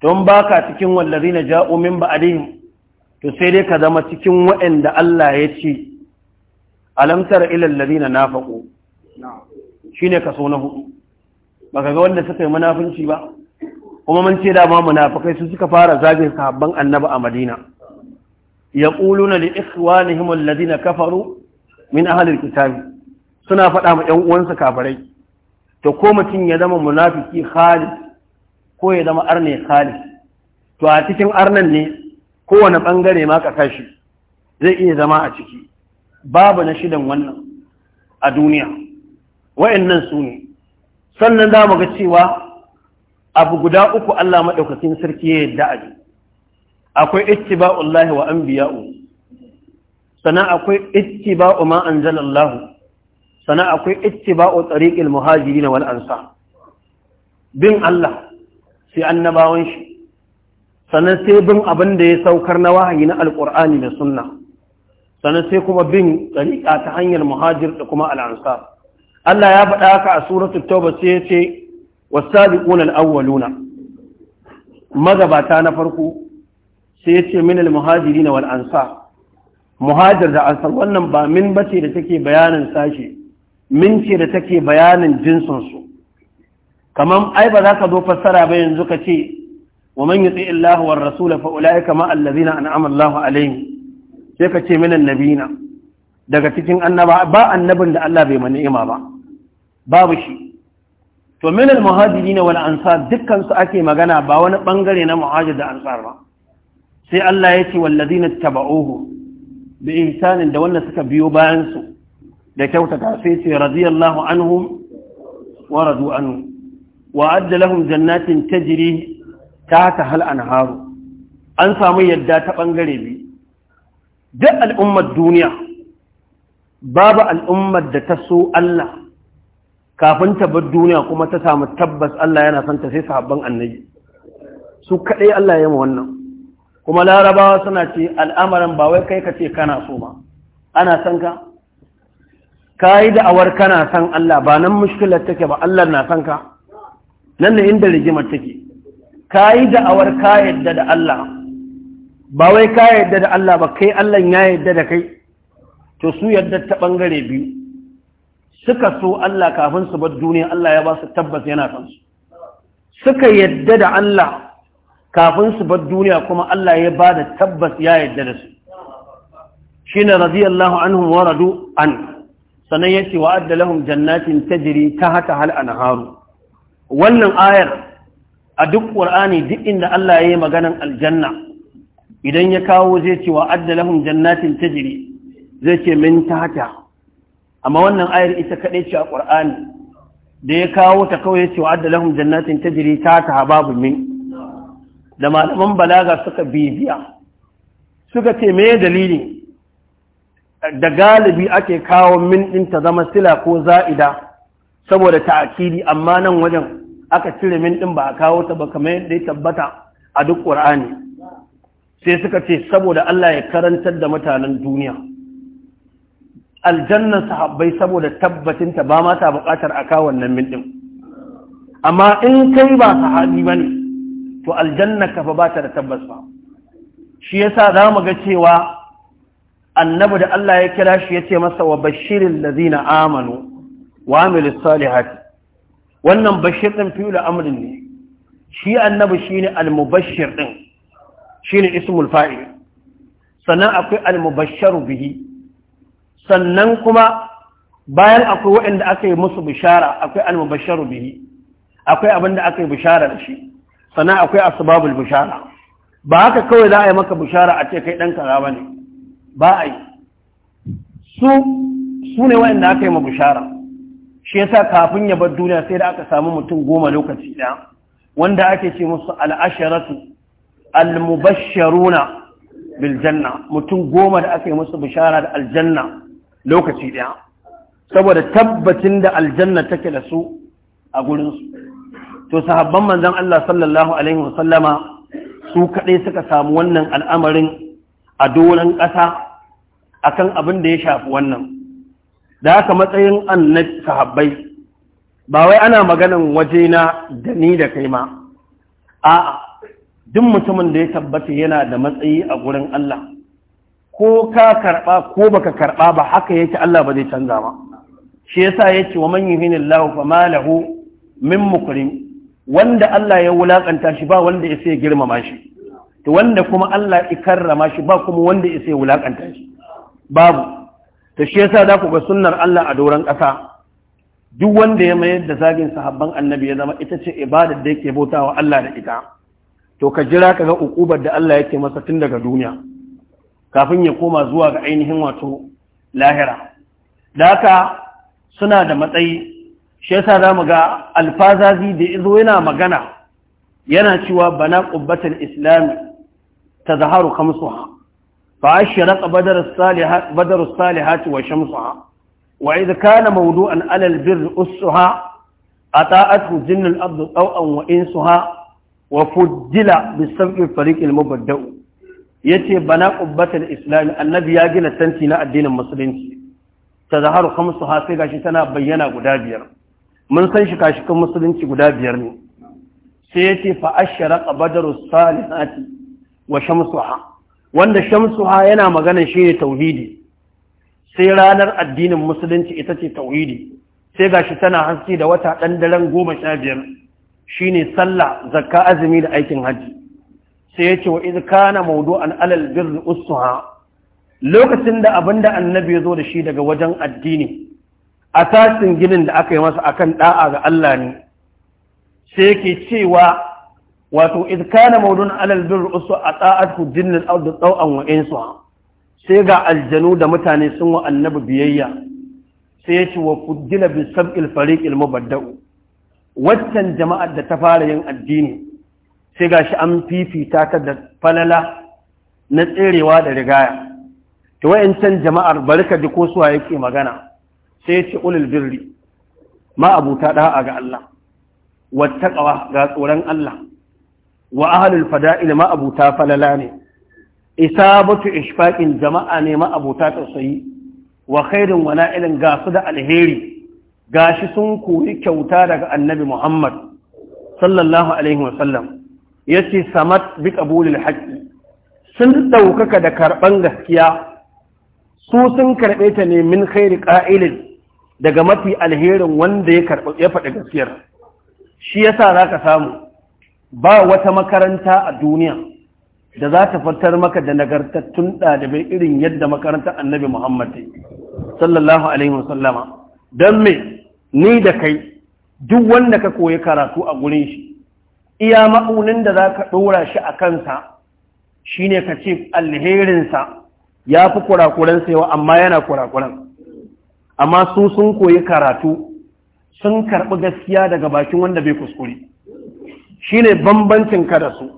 don baka cikin wallazina ja'u min ba'dihim to sai dai ka zama cikin wa'anda Allah ya ce alam tara ila allazina nafaqu shine kaso na hudu baka ga wanda suka yi munafunci ba kuma man ce dama munafikai su suka fara zagin sahabban annabi a madina yaquluna li ikhwanihim alladhina kafaru min ahli alkitab suna faɗa ma ƴan uwansa kafirai to ko mutum ya zama munafiki Khali ko ya zama arne Khali? to a cikin arnan ne kowane bangare ma ka kashi zai iya zama a ciki babu na shidan wannan a duniya wa'annan su ne sannan za mu ga cewa abu guda uku Allah maɗaukakin sarki ya yadda a ji akwai ittiba'ullahi wa anbiya'u sana akwai ittiba'u ma anzalallahu sana akwai ittiba'u tariqil muhajirin wal ansar bin Allah sai annabawan shi Sana sai bin abin da ya saukar na wahayi na alqur'ani da sunna Sana sai kuma bin tariqa ta hanyar muhajir da kuma al ansar Allah ya faɗa haka a suratul tauba sai ya ce والسابقون الأولون magabata na farko sai ya ce minal muhajiri na wal'ansa muhajir da ansar wannan ba min bace da take bayanin sashe, min ce da take bayanin jinsinsu kamar ai ba za ka zo fassara ba yanzu ka ce wa man yi tsaye Allah wa kama allazina an amallahu alaihi sai ka ce minan nabina daga cikin annaba ba annabin da Allah bai mani ni'ima ba babu shi to min al-muhajirin wani ansar dukkan ake magana ba wani bangare na muhajir da ansar ba sai Allah ya ce wallazina tabauhu bi ihsanin da wanda suka biyo bayan su da kyautata sai ce radiyallahu anhum wa radu anhu wa adda lahum jannatin tajri tahta hal anharu an samu yadda ta bangare bi duk al'ummar duniya babu al'ummar da ta so Allah kafin ta bar duniya kuma ta samu tabbas Allah yana son ta sai sahabban annabi su kadai Allah ya yi wannan kuma larabawa suna ce al'amarin ba wai kai ka ce kana so ba ana son ka ka yi da'awar kana son Allah ba nan mushkilar take ba Allah na son ka nan ne inda rigimar take ka yi da'awar ka yadda da Allah ba wai ka yadda da Allah ba kai Allah ya yadda da kai to su yadda ta bangare biyu suka so Allah kafin su bar duniya Allah ya ba su tabbas yana san su suka yadda da Allah kafin su bar duniya kuma Allah ya ba da tabbas ya yadda da su shine radiyallahu anhum wa radu an sanan yace wa adda lahum jannatin tajri tahta hal anharu wannan ayar a duk qur'ani duk inda Allah ya yi maganan aljanna idan ya kawo zai ce wa adda lahum jannatin tajri zai ce min tahta amma wannan ayar ita kaɗai ce a ƙur'ani da ya kawo ta kawai ce wa lahum jannatin jiri ta ta hababu min da malaman balaga suka bibiya suka ce me dalili da galibi ake kawo min ɗin ta zama sila ko za'ida saboda ta'akidi amma nan wajen aka cire min ɗin ba a kawo ta ba kamar yadda ya tabbata a duk ƙur'ani sai suka ce saboda Allah ya karantar da mutanen duniya aljannan sahabbai saboda tabbacinta ba ma ta buƙatar a wannan min ɗin amma in kai ba sahabi ba ne to aljanna ka fa ba ta da tabbas ba shi yasa za mu ga cewa annabi da Allah ya kira shi ya ce masa wa bashirin lazina amanu wa amilis salihati wannan bashir ɗin fiye da ne shi annabi shi ne almubashir ɗin shi ne ismul fa'il sannan akwai almubashar bihi sannan kuma bayan akwai waɗanda aka yi musu bishara akwai almubasharu bihi akwai abin da aka yi bishara da shi sannan akwai asbabul bishara ba haka kawai za a yi maka bishara a ce kai ɗan kaza ba ne ba a yi su su ne waɗanda aka yi ma bishara shi yasa kafin ya bar duniya sai da aka samu mutum goma lokaci ɗaya wanda ake ce musu al'asharatu al-mubashsharuna bil janna mutum goma da aka yi musu bishara da aljanna lokaci ɗaya saboda tabbacin da aljanna take da su a gurinsu to sahabban manzan Allah sallallahu alaihi wasallama su kaɗai suka samu wannan al'amarin a doron ƙasa a kan abin da ya shafi wannan da haka matsayin annabi sahabbai ba wai ana maganan na da ni da kai ma a'a duk mutumin da ya tabbata yana da matsayi a gurin Allah ko ka karɓa ko baka karɓa ba haka yake Allah ba zai canza ba shi yasa yake wa man yuhinillahu fama lahu min mukrim wanda Allah ya wulakanta shi ba wanda ya sai girmama shi to wanda kuma Allah ya karrama shi ba kuma wanda ya sai wulakanta shi babu to shi yasa za ku ga sunnar Allah a doron ƙasa duk wanda ya mayar da zagin sahabban annabi ya zama ita ce ibadar da yake bautawa Allah da ita to ka jira ka ga ukubar da Allah yake masa tun daga duniya kafin ya koma zuwa ga ainihin wato lahira da suna da matsayi shi yasa za mu ga alfazazi da izo yana magana yana cewa bana ƙubbatar islami ta zaharu kamsuwa fa a shi raƙa badar salihati wa shamsuwa wa izi kana maudu an alal bir usuwa a ta'at hujjinnin abdu tsawon wa in suha wa fujjila bisan ifarik ilmu yace bana qubbatul islam annabi ya gina tanti na addinin musulunci Ta tazaharu khamsuha sai gashi tana bayyana guda biyar mun san shi kashi kan musulunci guda biyar ne sai yace fa ashraqa badru salihati wa shamsuha wanda shamsuha yana magana shine tauhidi sai ranar addinin musulunci ita ce tauhidi sai gashi tana haske da wata dan daren 15 shine sallah zakka azumi da aikin hajji. sai ya ce wa iz kana mawdu'an alal birr usha lokacin da abinda annabi ya zo da shi daga wajen addini asasin ginin da aka yi masa akan da'a ga Allah ne sai yake cewa wato iz kana mawdu'an alal birr usha ata'atu jinnul ardu taw'an wa insuha sai ga aljanu da mutane sun wa annabi biyayya sai ya ce wa fuddila bi sab'il fariqil mubadda'u waccan jama'ar da ta fara yin addini sai gashi an fifita ta da falala na tserewa da rigaya ta wayancan jama'ar barka da ko suwa yake magana sai ce ulul birri ma abuta da'a ga Allah wattaqwa ga tsoron Allah wa ahlul fada'il ma abuta falala ne isabatu ishfaqin jama'a ne ma abuta tausayi wa khairin wa ga su da alheri gashi sun koyi kyauta daga annabi Muhammad sallallahu alaihi wa sallam Ya ce samat bi qabulil haƙƙi. sun ɗaukaka da karɓar gaskiya su sun karɓe ta ne min khairi qa'ilin daga mafi alherin wanda ya ya faɗi gaskiyar shi yasa zaka samu ba wata makaranta a duniya da za ta fitar maka da nagartattun ɗalibai irin yadda makarantar annabi Muhammad sallallahu alaihi wasallama don me ni da kai duk wanda ka koyi karatu a gurin shi iya ma'aunin da za ka ɗora shi a kansa shi ne ka ce alherinsa ya fi kurakuransa yawa amma yana kurakuran amma su sun koyi karatu sun karɓi gaskiya daga bakin wanda bai kuskure shi ne bambancin ka da su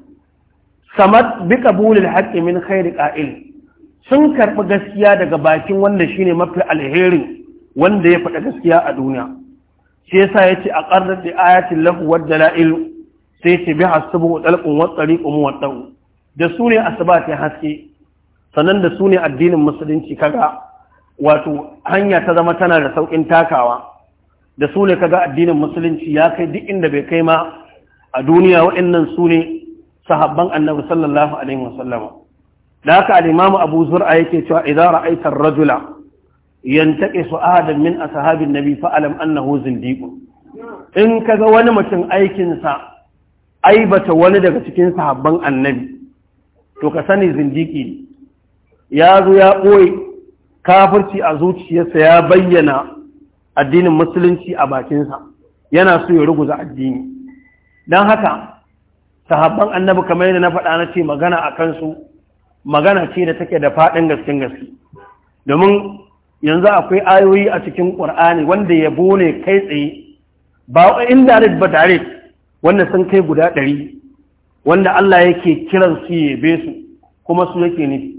samad bi kabulil haƙƙi min khairi ƙa'il sun karɓi gaskiya daga bakin wanda shi ne mafi alherin wanda ya faɗa gaskiya a duniya shi yasa ya ce a ƙarar da ayatin lafuwar jala'ilu sai ce bi hasubu dalqun wa tariqun wa da su ne asbati haske sannan da su ne addinin musulunci kaga wato hanya ta zama tana da saukin takawa da su ne kaga addinin musulunci ya kai duk inda bai kai ma a duniya waɗannan su ne sahabban annabi sallallahu alaihi wasallama da haka al-imamu abu zur'a yake cewa idan ra'aita ar-rajula yantaqisu ahadan min ashabin nabi fa alam annahu zindiq in kaga wani mutum aikinsa. sa Ai aibata wani daga cikin sahabban annabi to ka sani zindiki ya zo ya ɓoye kafirci a zuciyarsa ya bayyana addinin musulunci a bakinsa yana so ya ruguza addini don haka sahabban annabi kamar yadda na faɗa na ce magana a kansu magana ce da take da faɗin gaskin gaske domin yanzu akwai ayoyi a cikin ƙur'ani wanda ya bone kai tsaye ba indirect ba tare. wanda sun kai guda ɗari wanda Allah yake kiran su yabe su kuma su yake nufi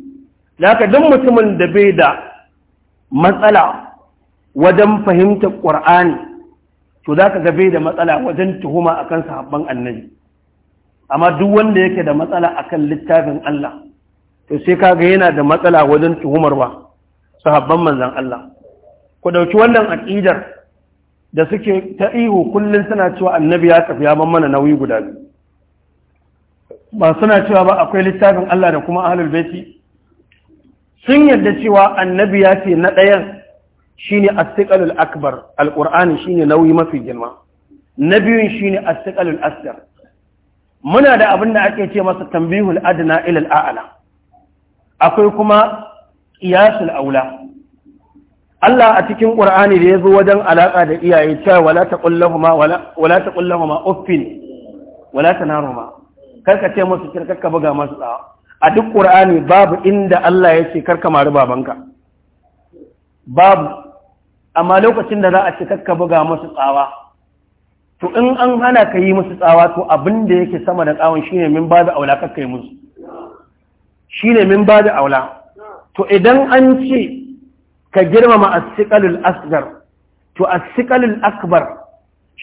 da haka don mutumin da bai da matsala wajen fahimtar ƙur'ani, to za ka ga bai da matsala wajen tuhuma akan sahabban annabi amma duk wanda yake da matsala akan littafin Allah to sai ga yana da matsala wajen tuhumar ba sahabban manzan Allah ku ɗauki wannan aƙidar da suke ta ihu kullum suna cewa annabi ya tafi ya mana nauyi guda biyu ba suna cewa ba akwai littafin Allah da kuma ahlul baiti sun yarda cewa annabi ya ce na ɗayan shine as akbar alqur'ani shine nauyi mafi girma na biyun shine as-siqalul muna da abin da ake ce masa tambihul adna ila al-a'la akwai kuma qiyasul aula Allah a cikin Qur'ani da ya zo wajen alaka da iyaye cewa wala taqul lahumma wala taqul lahumma uffin wala tanaruma karka ce musu karka buga musu tsawa a duk Qur'ani babu inda Allah ya ce karka mari babanka babu amma lokacin da za a ce karka buga musu tsawa to in an hana ka yi musu tsawa to abin da yake sama da tsawon shine min ba da aula karka yi musu shine min ba da aula to idan an ce ka girmama asikalul asgar to asikalul akbar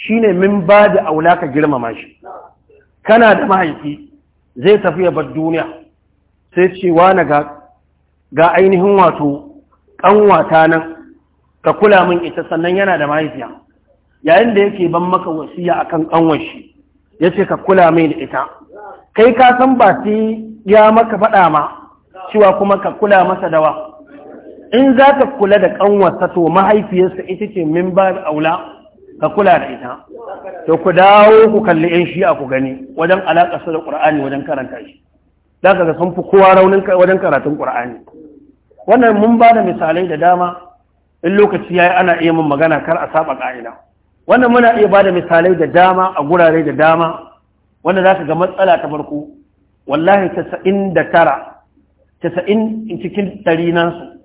shine min ba da aula ka girmama shi kana da mahaifi zai tafi ya bar duniya sai cewa na ga ainihin wato ƙanwata nan ka kula min ita sannan yana da mahaifiya yayin da yake ban maka wasiya akan kanwar shi yace ka kula min da ita kai ka san ba sai ya maka faɗa ma cewa kuma ka kula masa dawa in za ka kula da kanwarsa to mahaifiyarsa ita ce min ba aula ka kula da ita to ku dawo ku kalli yan shi'a ku gani wajen alaƙarsa da ƙur'ani wajen karanta shi za ka ga sun fi kowa raunin wajen karatun ƙur'ani wannan mun ba da misalai da dama in lokaci ya yi ana iya mun magana kar a saba ƙa'ida wannan muna iya ba da misalai da dama a gurare da dama wanda za ka ga matsala ta farko wallahi tasa'in da tara tasa'in cikin ɗari nasu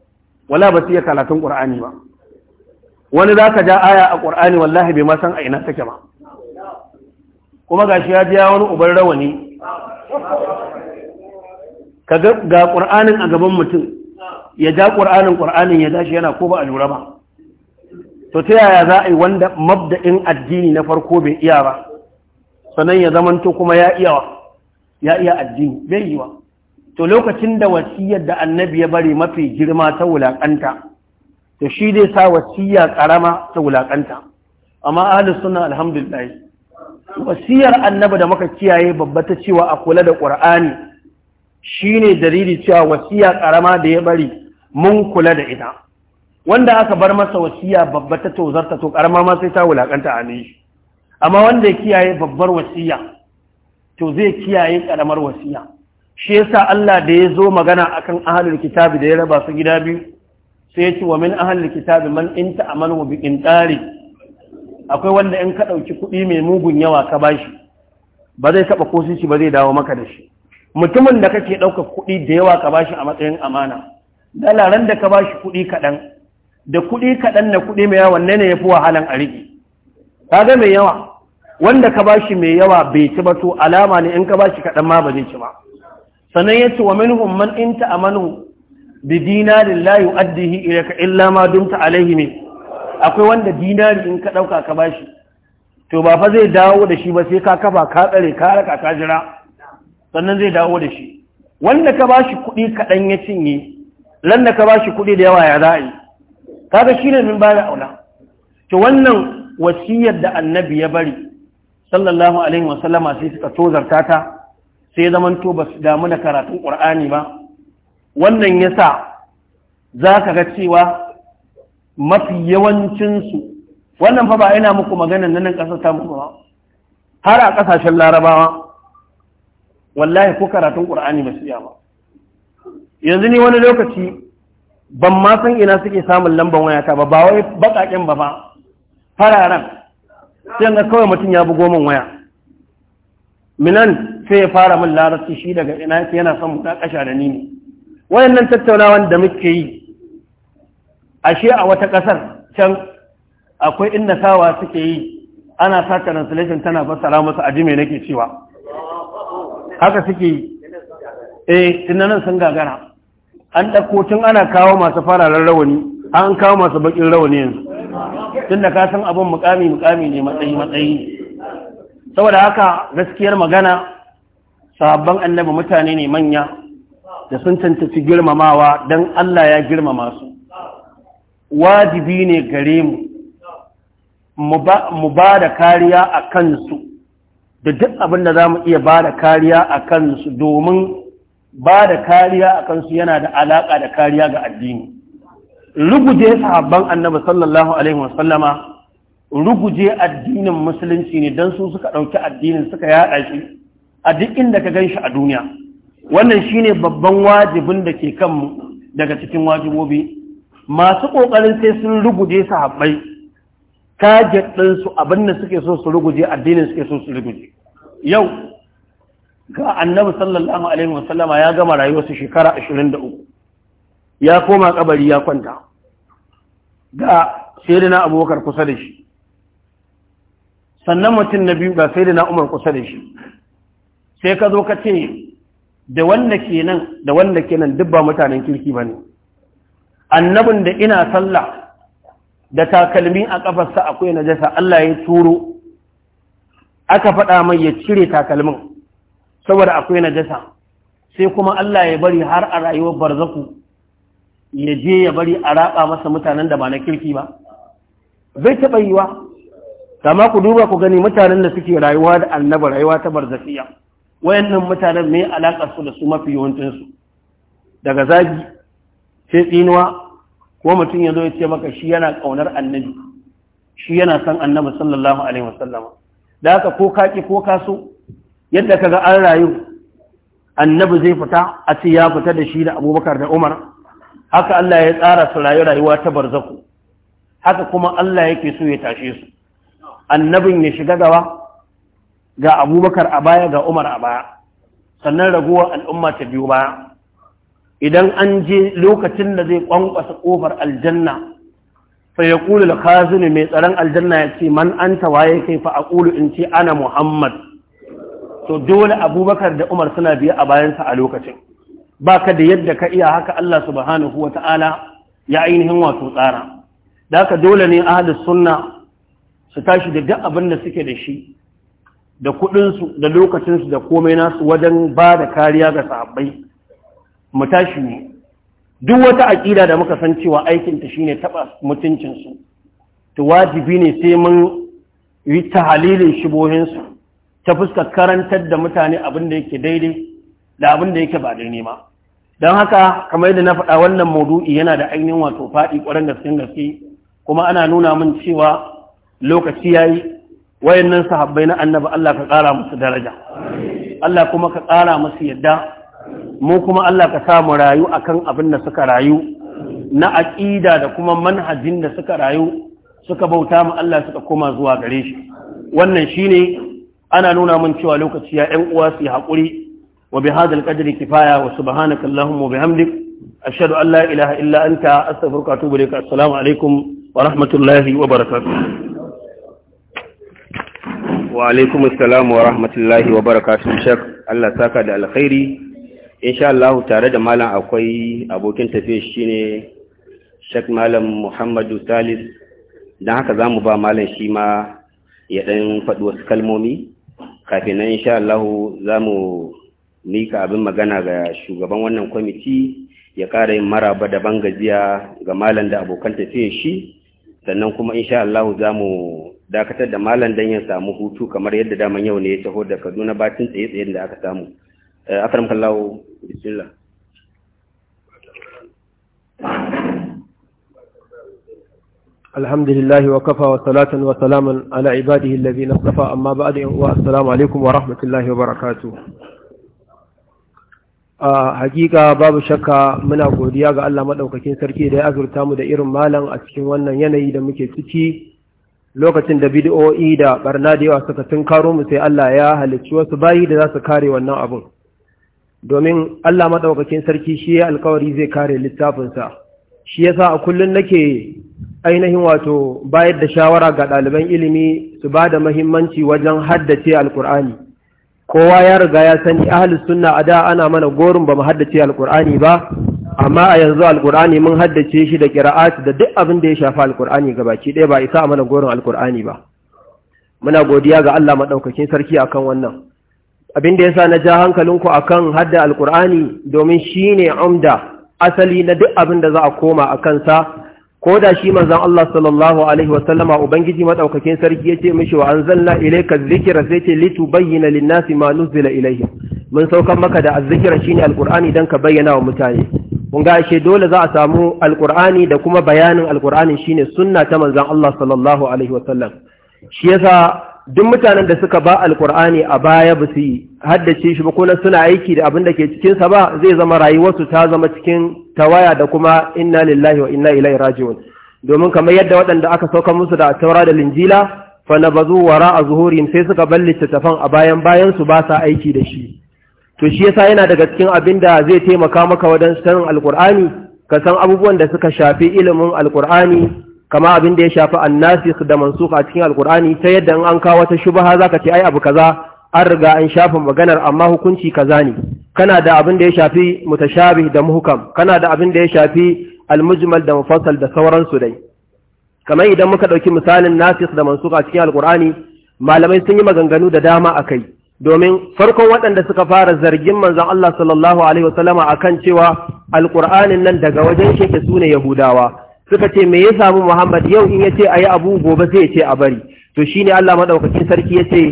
wala ba su iya karatun ƙur'ani ba wani za ka ja aya a ƙur'ani wallahi bai ma a ina take ba kuma ga shi ya ji wani uban rawani ka ga ƙur'anin a gaban mutum ya ja ƙur'anin ƙur'anin ya dashi yana ko ba a lura ba to ta yaya za a yi wanda mabda'in addini na farko bai iya ba sannan ya zamanto kuma ya iya ya iya addini bai yi wa to lokacin da wasiyar da annabi ya bari mafi girma ta wulaƙanta to shi dai sa wasiya ƙarama ta wulaƙanta amma ahli suna alhamdulillah wasiyar annabi da muka kiyaye babba ta cewa a kula da ƙur'ani shine dalili cewa wasiya ƙarama da ya bari mun kula da ita wanda aka bar masa wasiya babba ta tozarta to ƙarama ma sai ta wulaƙanta a ne amma wanda ya kiyaye babbar wasiya to zai kiyaye ƙaramar wasiya shi yasa Allah da ya zo magana akan ahalin kitabi da ya raba su gida biyu sai ya ce wa min ahalin kitabi man in ta'amanu bi qintari akwai wanda in ka dauki kuɗi mai mugun yawa ka bashi ba zai taba ko shi ba zai dawo maka da shi mutumin da kake ɗauka kuɗi da yawa ka bashi a matsayin amana da laran da ka bashi kuɗi kaɗan da kuɗi kaɗan da kuɗi mai yawa wanne ne fi wahalan a riƙe ga mai yawa wanda ka bashi mai yawa bai ci ba to alama ne in ka bashi kaɗan ma ba zai ci ba sannan yace wa minhum man in ta'amanu bi dinarin la yu'addihi ilayka illa ma dumta alayhi ne akwai wanda dinari in ka dauka ka bashi to ba fa zai dawo da shi ba sai ka kafa ka tsare ka raka ka jira sannan zai dawo da shi wanda ka bashi kuɗi kaɗan ya cinye ran da ka bashi kuɗi da yawa ya za'i kaga shi ne min bada aula to wannan wasiyar da annabi ya bari sallallahu alaihi wasallama sai suka tozarta ta sai zamanto ba su damu da karatun ƙur'ani ba wannan ya sa za ka ga cewa mafi yawancinsu wannan fa ba ina muku maganan nan ƙasar ta muku ba har a ƙasashen larabawa wallahi ko karatun ƙur'ani ba su ba yanzu ni wani lokaci ban ma san ina suke samun lambar wayata ba ba wai baƙaƙen ba ba fararen sai ga kawai mutum ya bugo min waya minan sai ya fara min larabci shi daga ina yana son mu kasha da ni ne wayannan tattaunawan da muke yi ashe a wata kasar can akwai inda sawa suke yi ana sa translation tana fassara musu su ajime nake cewa haka suke yi eh tunanin sun gagara an ɗauko tun ana kawo masu fararen rawani an kawo masu bakin rawani yanzu tunda ka san abin mukami mukami ne matsayi matsayi saboda haka gaskiyar magana sahabban annabi mutane ne manya da sun cancanci girmamawa don Allah ya girmama su wajibi ne gare mu mu ba da kariya a kansu da duk abin da za mu iya ba da kariya a kansu domin ba da kariya a kansu yana da alaƙa da kariya ga addini ruguje sahabban annabi sallallahu alaihi wasallama ruguje addinin musulunci ne don su suka ɗauki addinin suka yaɗa shi a duk inda ka gan shi a duniya wannan shi ne babban wajibin da ke kan daga cikin wajibobi masu ƙoƙarin sai sun ruguje su haɓai target ɗinsu abin da suke so su ruguje addinin suke so su ruguje yau ga annabi sallallahu alaihi wasallama ya gama rayuwarsa shekara 23 ya koma kabari ya kwanta ga sayyidina abubakar kusa da shi sannan mutum na biyu ga sayyidina umar kusa da shi sai ka zo ka ce da wanda ke nan da wanda ke duk ba mutanen kirki ba ne annabin da ina sallah da takalmi a kafarsa akwai na najasa Allah ya turo aka faɗa mai ya cire takalmin saboda akwai na najasa sai kuma Allah ya bari har a rayuwar barzaku ya je ya bari a raƙa masa mutanen da ba na kirki ba zai taɓa yiwa kama ku duba ku gani mutanen da suke rayuwa da annaba rayuwa ta barzafiya wayannan mutanen mai alaƙar su da su mafi yawancinsu daga zagi sai tsinuwa ko mutum ya zo ya ce maka shi yana ƙaunar annabi shi yana son annabi sallallahu alaihi wasallama da haka ko kaƙi ko kaso yadda ka ga an rayu annabi zai fita a ce ya fita da shi da abubakar da umar haka Allah ya tsara su rayu rayuwa ta barzaku haka kuma Allah yake so ya tashe su annabin ya shiga gaba ga abubakar a baya ga umar a baya sannan ragowar al'umma ta biyu baya idan an je lokacin da zai ƙwanƙwasa ƙofar aljanna sai ya kulu da kazini mai tsaron aljanna ya ce man an tawaye kai fa a kulu in ce ana muhammad to dole abubakar da umar suna biya a bayansa a lokacin ba ka da yadda ka iya haka allah subhanahu wa ta'ala ya ainihin wato tsara da haka dole ne ahalus sunna su tashi da duk abin da suke da shi da kuɗinsu da lokacinsu da komai nasu wajen ba da kariya ga sahabbai mu tashi ne duk wata aƙida da muka san cewa aikinta shine taɓa mutuncinsu to wajibi ne sai mun yi ta halilin shibohinsu ta fuskar karantar da mutane abin da yake daidai da abin da yake ba daidai ma don haka kamar yadda na faɗa wannan maudu'i yana da ainihin wato faɗi ƙwarar gaske gaske kuma ana nuna min cewa lokaci ya yi wayannan sahabbai na annabi Allah ka ƙara musu daraja Allah kuma ka ƙara musu yadda mu kuma Allah ka samu rayu akan abin da suka rayu na aƙida da kuma manhajin da suka rayu suka bauta ma Allah suka koma zuwa gare shi wannan shine ana nuna mun cewa lokaci ya ƴan uwa su yi haƙuri wa bi hadal qadri kifaya wa subhanaka allahumma bihamdik ashhadu an la ilaha illa anta astaghfiruka wa atubu ilaik assalamu alaikum wa rahmatullahi wa barakatuh wa alaikum salamu wa rahmatullahi wa barakatun shek Allah saka da alkhairi insha Allah tare da malam akwai abokin tafiya shine shek malam Muhammadu Salis dan haka zamu ba malam shi ma ya ɗan faɗi wasu kalmomi kafin nan insha Allah zamu mika abin magana ga shugaban wannan kwamiti ya ƙara yin maraba daban gajiya ga malam da abokan tafiya shi sannan kuma insha Allah zamu dakatar da malam dan ya samu hutu kamar yadda daman yau ne ya taho da Kaduna batun tsaye tsaye da aka samu eh, akram kallahu bismillah الحمد لله وكفى وصلاة وسلاما على عباده الذين اصطفى wa assalamu alaikum wa rahmatullahi wa barakatu. a hakika babu shakka muna godiya ga Allah madaukakin sarki da ya azurta mu da irin malam a cikin wannan yanayi da muke ciki lokacin da bid'o'i da barna da yawa suka tunkaro mu sai Allah ya halicci wasu bayi da za su kare wannan abun domin Allah maɗaukakin sarki shi ya alkawari zai kare littafinsa shi ya sa a kullum nake ainihin wato bayar da shawara ga ɗaliban ilimi su ba da mahimmanci wajen haddace alkur'ani kowa ya riga ya sani ahlus sunna a da ana mana gorin ba mu haddace alkur'ani ba amma a yanzu alkur'ani mun haddace shi da kira'at da duk abin da ya shafi alkur'ani gabaki ɗaya ba isa mana goron alkur'ani ba muna godiya ga Allah maɗaukakin sarki akan wannan abin da ya sa na ja hankalinku akan hadda alkur'ani domin shi ne amda asali na duk abin da za a koma a kansa ko da shi manzon Allah sallallahu alaihi wasallama ubangiji madaukakin sarki ya ce mishi wa anzalna ilayka dhikra sai ce litubayyana lin-nasi ma nuzila ilayhim mun saukar maka da azzikira ne alkur'ani dan ka bayyana wa mutane kun ga ashe dole za a samu alkur'ani da kuma bayanin alkur'anin shine sunna ta manzon Allah sallallahu alaihi wasallam shi yasa duk mutanen da suka ba alkur'ani a baya ba su haddace shi ba ko suna aiki da abin da ke cikinsa ba zai zama rayuwarsu ta zama cikin tawaya da kuma inna lillahi wa inna ilaihi raji'un domin kamar yadda waɗanda aka sauka musu da taura da linjila fa nabazu wara a zuhurin sai suka bar littattafan a bayan bayan su ba sa aiki da shi to shi yasa yana daga cikin abin da zai taimaka maka wajen sanin alkur'ani ka san abubuwan da suka shafi ilimin alkur'ani kama abin da ya shafi annasikh da mansukh a cikin alkur'ani ta yadda in an kawo wata shubha zaka ce ai abu kaza an riga an shafa maganar amma hukunci kaza ne kana da abin da ya shafi mutashabih da muhkam kana da abin da ya shafi almujmal da mufassal da sauransu dai kamar idan muka dauki misalin nasikh da mansukh a cikin alkur'ani malamai sun yi maganganu da dama akai domin farkon waɗanda suka fara zargin manzon Allah sallallahu alaihi wasallama akan cewa alƙuranin nan daga wajen keke su ne yahudawa suka ce me ya samu Muhammad yau in ya ce a yi abu gobe sai ce a bari to shi ne Allah maɗaukakin sarki yace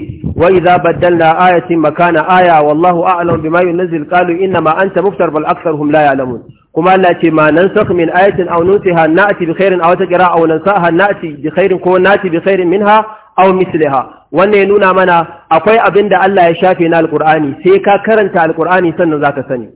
wa idza baddalna ayatin makana aya wallahu a'lam bima yunzil qalu inna ma anta muftar bal aktharuhum la ya'lamun kuma Allah ce ma sok min ayatin aw nunsiha na'ti bi khairin aw tajra aw nansaha na'ti bi khairin ko na'ti bi khairin minha aw misliha wannan ya nuna mana akwai abin da Allah ya shafe na alkur'ani sai ka karanta alkur'ani sannan za ka sani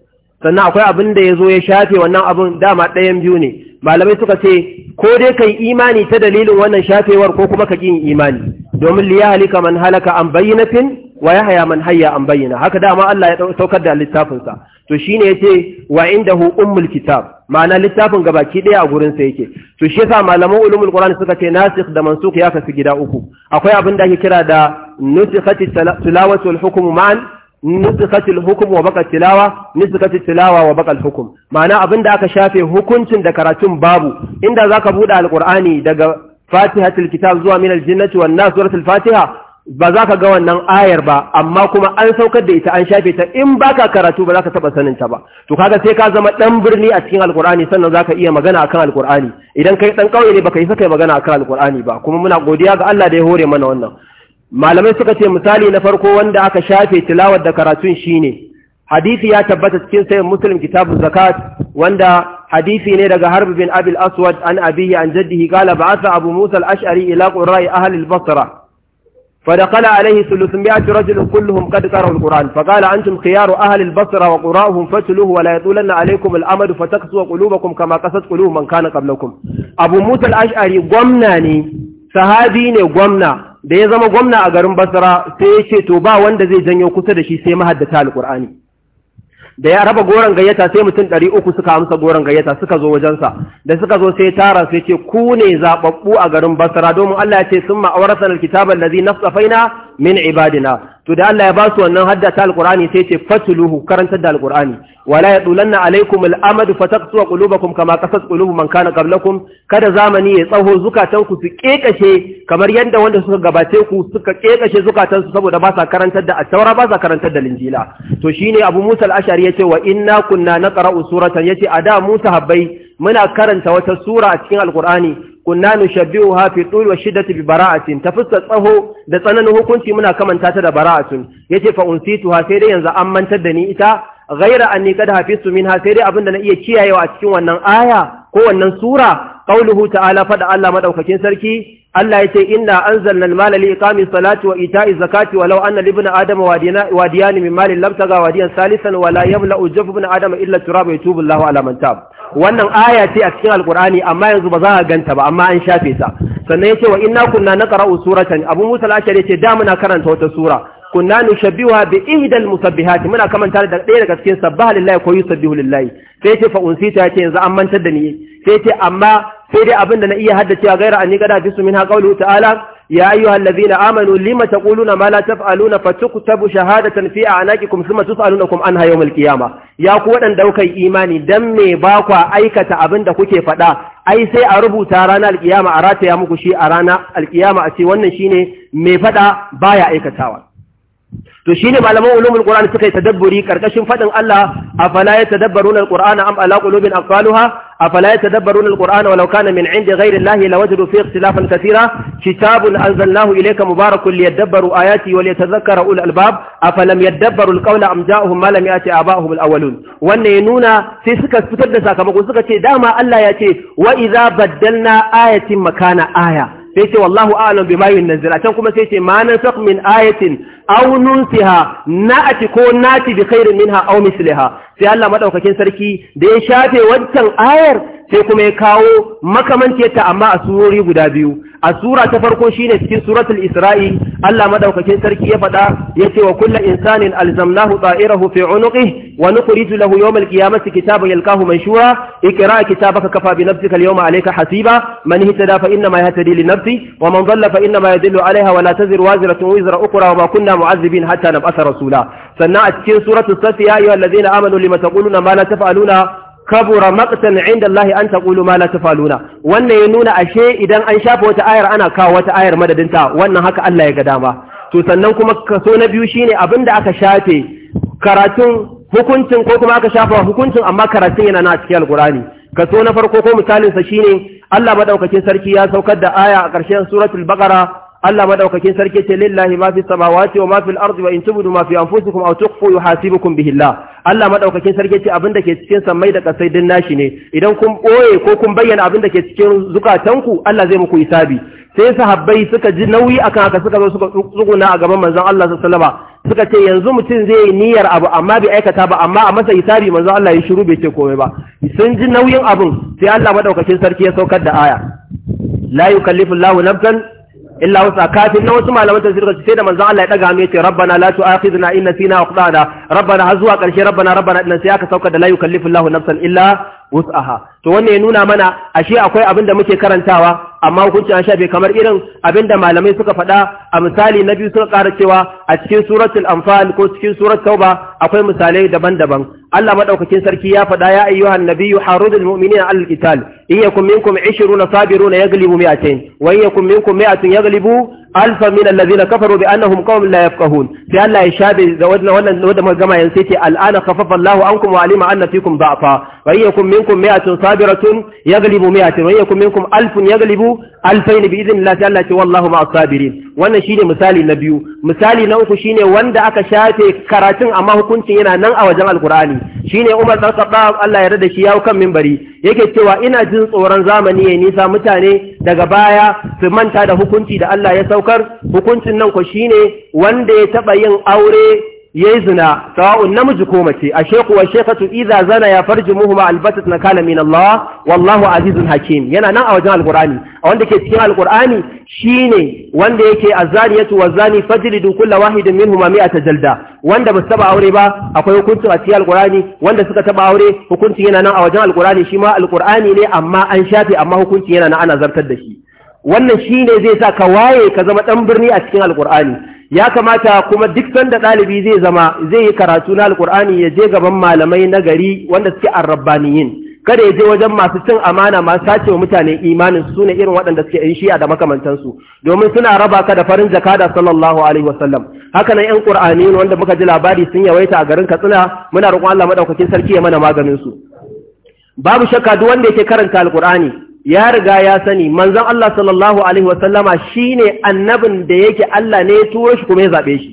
sannan akwai abin da ya zo ya shafe wannan abin dama ɗayan biyu ne malamai suka ce ko dai ka yi imani ta dalilin wannan shafewar ko kuma ka yin imani domin liya halika man halaka an bayyana fin wa ya haya man hayya an bayyana haka dama Allah ya saukar da littafinsa to shine ce, wa indahu ummul mulkitab, ma'ana littafin gabaki ɗaya a gurinsa yake to shi yasa malaman ulumul qur'ani suka ce nasik da mansukh ya kasu gida uku akwai abin da ake kira da nusikhati tilawatu wal ma'an nusikhati al wa baqa tilawa nusikhati tilawa wa baqa al ma'ana abin da aka shafe hukuncin da karatun babu inda zaka buɗe al daga fatihatul kitab zuwa min aljinnati, jinnati wan nas suratul fatiha ba za ka ga wannan ayar ba amma kuma an saukar da ita an shafe ta in baka karatu ba za ka taba saninta ta ba to kaga sai ka zama dan birni a cikin alkur'ani sannan za ka iya magana akan alkur'ani idan kai dan kauye ne baka yi saka magana akan alkur'ani ba kuma muna godiya ga Allah da ya hore mana wannan malamai suka ce misali na farko wanda aka shafe tilawar da karatun shine hadisi ya tabbata cikin sai muslim kitabu zakat wanda hadisi ne daga harb bin abil aswad an abihi an jaddihi qala ba'atha abu musa al-ash'ari ila qurra'i ahli al-basra فدخل عليه 300 رجل كلهم قد قرأوا القرآن فقال أنتم خيار أهل البصرة وقراءهم فتلوه ولا يطولن عليكم الأمد فتقسوا قلوبكم كما قست قلوب من كان قبلكم أبو موسى الأشعري قمنا ني sahabi ne gwamna da ya zama gwamna a garin basra sai ya ce to ba wanda zai janyo kusa da shi sai mahaddata alkur'ani da ya raba goron gayyata sai mutum ɗari uku suka amsa goron gayyata suka zo wajensa da suka zo sai tara sai ce ku ne zaɓaɓɓu a garin basra domin Allah ya ce sun da zai lazi faina. min ibadina to da Allah ya ba su wannan haddata alqur'ani sai ce fatuluhu karantar da alqur'ani wala yadulanna alaikum al'amadu fataqsu qulubakum kama qasat qulubu man kana qablakum kada zamani ya tsaho zukatan ku su kekashe kamar yadda wanda suka gabace ku suka kekashe zukatan su saboda ba sa karantar da at-taura ba sa karantar da linjila to shine Abu Musa al-Ash'ari yace wa inna kunna naqra'u suratan yace ada Musa habbai muna karanta wata sura a cikin alqur'ani kunna nushabbihuha fi tul shidda shiddati bi bara'atin tafussa tsaho da tsananin hukunci muna kamanta ta da bara'atun yace fa unsituha sai dai yanzu an mantar da ni ita ghaira anni kad hafiztu minha sai dai abinda na iya kiyayewa a cikin wannan aya ko wannan sura qauluhu ta'ala fada Allah madaukakin sarki Allah yace inna anzalna al-mala li iqami salati wa ita'i zakati walau anna li ibn adama wadiyana wadiyani min lam taga wadiyan salisan wala yamla ujub ibn adama illa turaba yatubu Allahu ala man tab wannan aya ce a cikin alqur'ani amma yanzu ba za ka ganta ba amma an shafe ta sannan yace wa inna kunna naqra'u suratan abu musa al-ashari yace da muna karanta wata sura kunna nushabbiha bi ihdal musabbihat muna kamanta da ɗaya daga cikin sabbaha lillahi ko yusabbihu lillahi sai ce fa unsita yace yanzu an mantar da ni sai ce amma sai dai abin da na iya haddacewa gaira an ni gada bisu minha qawluhu ta'ala ya ayyuhal ladhina amanu lima taquluna ma la taf'aluna fatuktabu shahadatan fi a'naqikum thumma tus'alunakum anha yawm al-qiyamah ya ku waɗanda kuka yi imani dan me ba aikata abin da kuke faɗa ai sai a rubuta ranar alkiyama a rataya muku shi a ranar alkiyama a ce wannan shine mai faɗa baya aikatawa to ne malaman ulumul qur'ani suka yi tadabburi karkashin fadin Allah afala yatadabbaruna alqur'ana am ala qulubin A afala yatadabbaruna alqur'ana walau kana min indi ghayri allahi lawajadu fi ikhtilafan katira kitabun anzalnahu ilayka mubarakun liyadabbaru ayati wa liyatadhakkara ul albab afalam yadabbaru alqawla am ja'ahum ma lam yati aba'uhum alawwalun wannan ya nuna sai suka fitar da sakamako suka ce dama Allah ya ce wa idza baddalna ayatin makana aya sai ce wallahu a'lam bima yunzila can kuma sai ce ma nansakh min ayatin aw nunsiha na'ati ko nati bi khairin minha aw misliha sai Allah madaukakin sarki da ya shafe wancan ayar sai kuma ya kawo makamantiyarta amma a surori guda biyu a sura ta farko shine cikin suratul isra'i Allah madaukakin sarki ya faɗa yace wa kullu insanin alzamnahu ta'irahu fi unuqihi wa nukhriju lahu yawm alqiyamati kitaban yalqahu manshura ikra kitabaka kafa bi nafsika alyawma alayka hasiba man ihtada fa inna ma yahtadi li nafsi wa man dhalla fa inna ma yadhillu alayha wa la tazir waziratun wizra ukhra wa ma kunna mu'azzibin hatta nab'atha rasula sannan a cikin suratul safiya ayyuhallazina amanu lima taquluna ma la taf'aluna kabura maqtan inda Allah an taqulu ma la tafaluna wannan ya nuna ashe idan an shafa wata ayar ana kawo wata ayar madadinta wannan haka Allah ya ga dama to sannan kuma kaso na biyu shine abinda aka shafe karatun hukuncin ko kuma aka shafa hukuncin amma karatun yana na cikin alqurani kaso na farko ko misalin sa shine Allah madaukakin sarki ya saukar da aya a ƙarshen suratul baqara Allah madaukakin sarki ce lillahi ma fi samawati wa ma fil ardi wa in tubdu ma fi anfusikum aw tukhfu yuhasibukum bihi Allah Allah madaukakin sarki ce abinda ke cikin sammai da kasai din nashi ne idan kun boye ko kun bayyana abinda ke cikin zukatanku Allah zai muku hisabi sai sahabbai suka ji nauyi akan haka suka zo suka tsuguna a gaban manzon Allah sallallahu alaihi wasallama suka ce yanzu mutum zai yi niyyar abu amma bai aikata ba amma a masa hisabi manzon Allah ya shiru bai ce komai ba sun ji nauyin abin sai Allah madaukakin sarki ya saukar da aya la yukallifu Allahu nafsan illa wasa kafin na wasu malaman tafsir ka sai da manzan Allah ya daga mu yace rabbana la tu'akhidna in nasina wa akhtana rabbana har zuwa karshe rabbana rabbana din sai aka sauka da la yukallifu Allahu nafsan illa wus'aha to wannan ya nuna mana ashe akwai abin da muke karantawa amma hukunci an shafe kamar irin abin da malamai suka faɗa a misali na biyu suka ƙara cewa a cikin suratul anfal ko cikin surat tauba akwai misalai daban-daban Allah madaukakin sarki ya faɗa ya ayyuhan nabiyyu harudul mu'minina al qital in yakum minkum 20 sabiruna yaglibu 200 wa in yakum minkum 100 yaglibu alfa min allazina kafaru bi annahum qaumun la yafqahun sai Allah ya shabe da wannan wannan wanda muka gama yanzu sai ce al'ana khaffafa Allahu ankum wa alima anna fikum da'fa wa yakum minkum mi'atun sabiratun yaghlibu mi'atan wa yakum minkum alfun yaghlibu alfayn bi idhnillah sai Allah ce wallahu ma'as sabirin wannan shine misali na biyu misali na uku shine wanda aka shafe karatun amma hukuncin yana nan a wajen alqur'ani shine Umar ɗan Khattab Allah ya rada shi yawo kan minbari yake cewa ina jin tsoron zamani ya nisa mutane daga baya su manta da hukunci da Allah ya saukar hukuncin nan ko shine wanda ya taɓa yin aure yi zina sawa'un namiji ko mace ashe kuwa shekatu iza zana ya farji muhuma albatat nakala min Allah wallahu azizun hakim yana nan a wajen alqur'ani a wanda ke cikin alqur'ani shine wanda yake azaniyatu wazani fajlidu kullu wahidin minhuma mi'ata jalda wanda ba taba aure ba akwai hukunci a cikin alqur'ani wanda suka taba aure hukuncin yana nan a wajen alqur'ani shi ma alqur'ani ne amma an shafe amma hukunci yana nan ana zartar da shi wannan shine zai sa ka waye ka zama dan birni a cikin alqur'ani ya kamata kuma duk sanda ɗalibi zai zama zai yi karatu na Alƙur'ani ya je gaban malamai na gari wanda suke arrabbaniyin kada ya je wajen masu cin amana masu sace wa mutane imanin su ne irin waɗanda suke yin shi'a da makamantansu domin suna raba ka da farin jakada sallallahu alaihi wasallam haka nan yan qur'ani wanda muka ji labari sun yawaita a garin katsina muna roƙon Allah madaukakin sarki ya mana maganin su babu shakka duk wanda yake karanta alkur'ani ya riga ya sani manzon Allah sallallahu alaihi wasallama shine annabin da yake Allah ne ya turo shi kuma ya zaɓe shi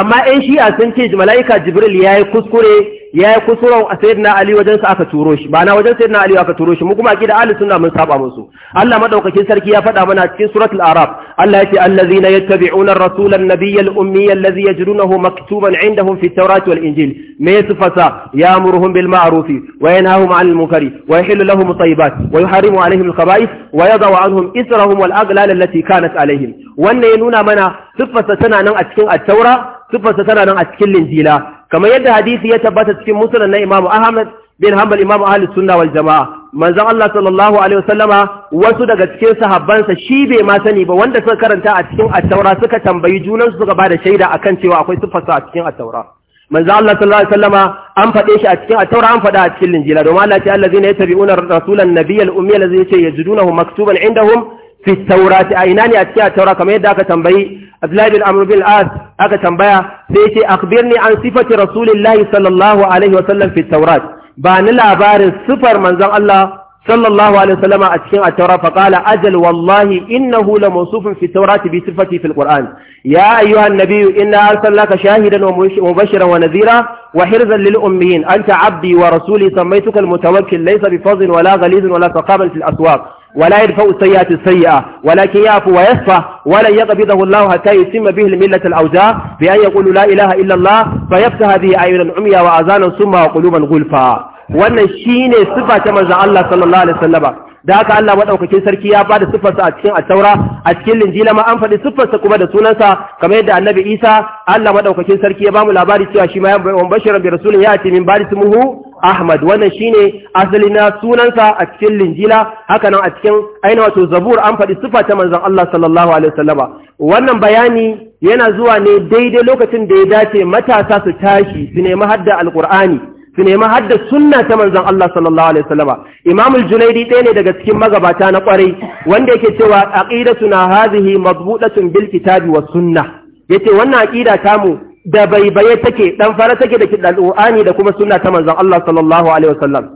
amma yan shi'a sun ce mala'ika jibril ya yi kuskure ya yi kusuran a sayyidina ali wajen sa aka turo shi ba na wajen sayyidina ali aka turo shi mu kuma akida ahli sunna mun saba musu Allah madaukakin sarki ya faɗa mana cikin suratul arab Allah ya ce, yattabi'una ar-rasula rasulan nabiyya al-ummiyya allazi yajidunahu maktuban 'indahum fi taurati wal-injil me sifata ya'muruhum bil ma'ruf wa yanhahum 'anil munkari wa yuhillu lahum tayyibat wa yuharrimu 'alayhim al-khaba'ith wa yadha'u 'anhum israhum wal-aghlal allati kanat 'alayhim wannan ya nuna mana sifata tana nan a cikin at-taura sifarsa tana nan a cikin linjila kamar yadda hadisi ya tabbata cikin musulun na imamu ahmad bin hanbal imamu ahli sunna wal jama'a manzon Allah sallallahu alaihi wasallama wasu daga cikin sahabbansa shi bai ma sani ba wanda suka karanta a cikin at-taura suka tambayi junan su suka bada shaida akan cewa akwai sifarsa a cikin at-taura manzon Allah sallallahu alaihi wasallama an faɗe shi a cikin at-taura an faɗa a cikin linjila domin Allah ya ce allazina yattabi'una rasulan nabiyyal ummi allazi yace yajidunahu maktuban indahum fi taurati a ina ne a cikin taura kamar yadda aka tambayi Abdullahi bin Amr bin As aka tambaya sai yace akhbirni an sifati Rasulillahi sallallahu alaihi wasallam fi taurat ba ni labarin sifar manzon Allah sallallahu alaihi wasallam a cikin at-taura fa qala ajal wallahi innahu la mawsufun fi taurati bi sifati fil al-Qur'an ya ayyuha an-nabiy inna arsalnaka shahidan wa mubashiran wa nadhira wa hirzan lil ummiyin anta 'abdi wa rasuli sammaytuka al-mutawakkil laysa bi fadhin wala ghalizin wala saqaban fil aswaq ولا يدفع السيئات السيئة ولكن يعفو ويصفى ولن يقبضه الله حتى يتم به الملة الأوجاع بأن يقول لا إله إلا الله فيفتح به a عميا وأذانا ثم وقلوبا غلفا wannan shine sifa ta manzon Allah sallallahu alaihi wasallama da haka Allah madaukakin sarki ya bada sifarsa a cikin at-Taura a cikin Linjila ma an faɗi sifarsa kuma da sunansa kamar yadda Annabi Isa Allah madaukakin sarki ya bamu labari cewa shi ma ya bashiran bi rasulin ya ati min barisimuhu Ahmad wannan shine asali na sunansa a cikin linjila haka nan a cikin aina wato zabur an faɗi sifa ta manzon Allah sallallahu alaihi wasallama wannan bayani yana zuwa ne daidai lokacin da ya dace matasa su tashi su nemi hadda alqur'ani su nemi hadda sunna ta manzon Allah sallallahu alaihi wasallama Imam al-Junaidi ɗaya ne daga cikin magabata na kwarai wanda yake cewa aqidatuna hadhihi madbutatun bil kitabi was sunnah yace wannan aqida tamu da baibaye take dan fara take da kidan Qur'ani da kuma sunna ta manzon Allah sallallahu alaihi wasallam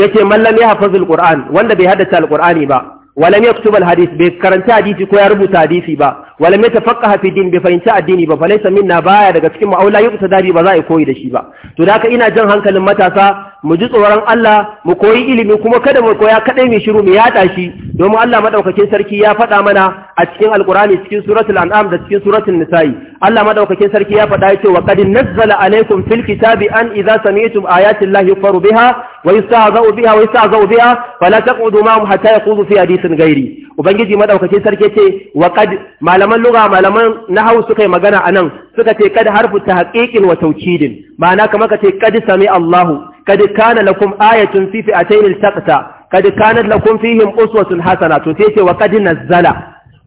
yace man lam yahfazul Qur'an wanda bai haddasa al-Qur'ani ba walam yaktub al-hadith bai karanta hadisi ko ya rubuta hadisi ba walam ya tafaqqa fi din bai fahimci addini ba falaysa minna baya daga cikin ma'aula yi kusa dabi ba za a koyi da shi ba to da haka ina jan hankalin matasa mu ji tsoron Allah mu koyi ilimi kuma kada mu koya kadai mai shiru mu yada shi domin Allah madaukakin sarki ya faɗa mana a cikin alqur'ani cikin suratul an'am da cikin suratul nisa'i Allah madaukakin sarki ya faɗa ya ce wa qad nazzala alaykum fil kitabi an idza sami'tum ayati llahi yukfaru biha wa yustahza'u biha wa yustahza'u biha fala taq'udu ma'ahum hatta yaqudu fi hadithin ghairi ubangiji madaukakin sarki ce wa qad malaman lugha malaman nahwu suka yi magana anan suka ce kad ta tahqiqin wa tawkidin ma'ana kamar ka ce kada sami Allahu kad kana lakum ayatun a fi'atayn iltaqta kad kana lakum fihim uswatun hasana to sai ce wa kad nazzala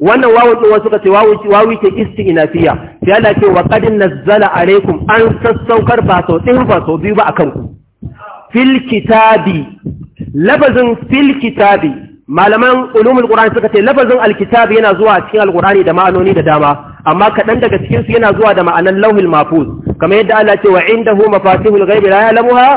wannan wawu din wasu ka ce ce isti'nafiya sai Allah ce wa kad nazzala alaikum an sassaukar ba sau din ba sau biyu ba akan ku fil kitabi labazin fil kitabi malaman ulumul qur'ani suka ce lafazin alkitab yana zuwa cikin alqur'ani da ma'anoni da dama amma kaɗan daga cikin su yana zuwa da ma'anan lauhin mahfuz kamar yadda Allah ce wa indahu mafatihul ghaibi la ya'lamuha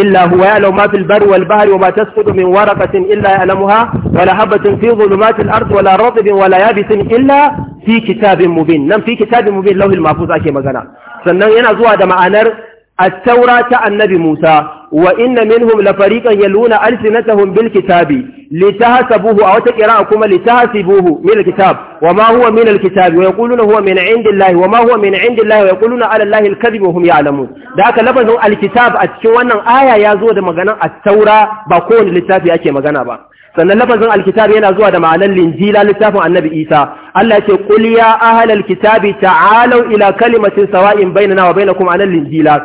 illa huwa ya'lamu ma fil barri wal bahri wa tasqutu min waraqatin illa ya'lamuha wa la habatin fi dhulumatil ardi wa la ratbin wa la yabisin illa fi kitabin mubin nan fi kitabin mubin lauhil mahfuz ake magana sannan yana zuwa da ma'anar at-taura ta annabi Musa wa inna minhum la fariqan yaluna alsinatahum bil kitabi litahsabuhu aw taqra kuma litahsibuhu min al kitab wa ma huwa min al kitabi wa yaquluna huwa min indillahi wa ma huwa min indillahi wa yaquluna ala allahi al kadhib wa hum ya'lamun da aka lafazin al kitab a cikin wannan aya ya zo da maganan at-taura ba ko kowane littafi ake magana ba sannan lafazin alkitab yana zuwa da ma'anar linjila littafin annabi isa Allah ce qul ya ahlal kitabi ta'alu ila kalimatin sawa'in bainana wa bainakum ala linjila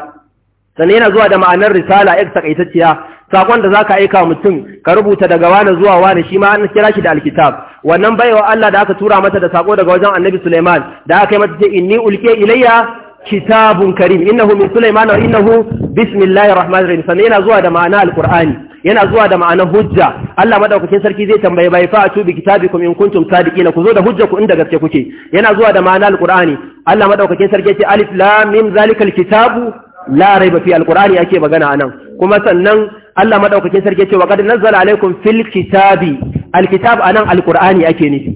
sannan yana zuwa da ma'anar risala ya takaitacciya sakon da zaka aika mutum ka rubuta daga wani zuwa wani shi ma an kira shi da alkitab wannan baiwa Allah da aka tura mata da saƙo daga wajen Annabi Sulaiman da aka yi mata ce inni ulke ilayya kitabun karim innahu min Sulaiman wa innahu bismillahir rahmanir rahim sannan yana zuwa da ma'ana alqur'ani yana zuwa da ma'ana hujja Allah madaukakin sarki zai tambaye bai fa atu bi kitabikum in kuntum sadiqina ku zo da hujja ku inda gaske kuke yana zuwa da ma'ana alqur'ani Allah madaukakin sarki ya ce alif lam mim zalikal kitabu Larai ba fi alqur'ani ake magana anan kuma sannan Allah maɗaukakin sarki ya ce wa qad nazzala alaikum fil kitabi alkitab anan alkur'ani ake nufi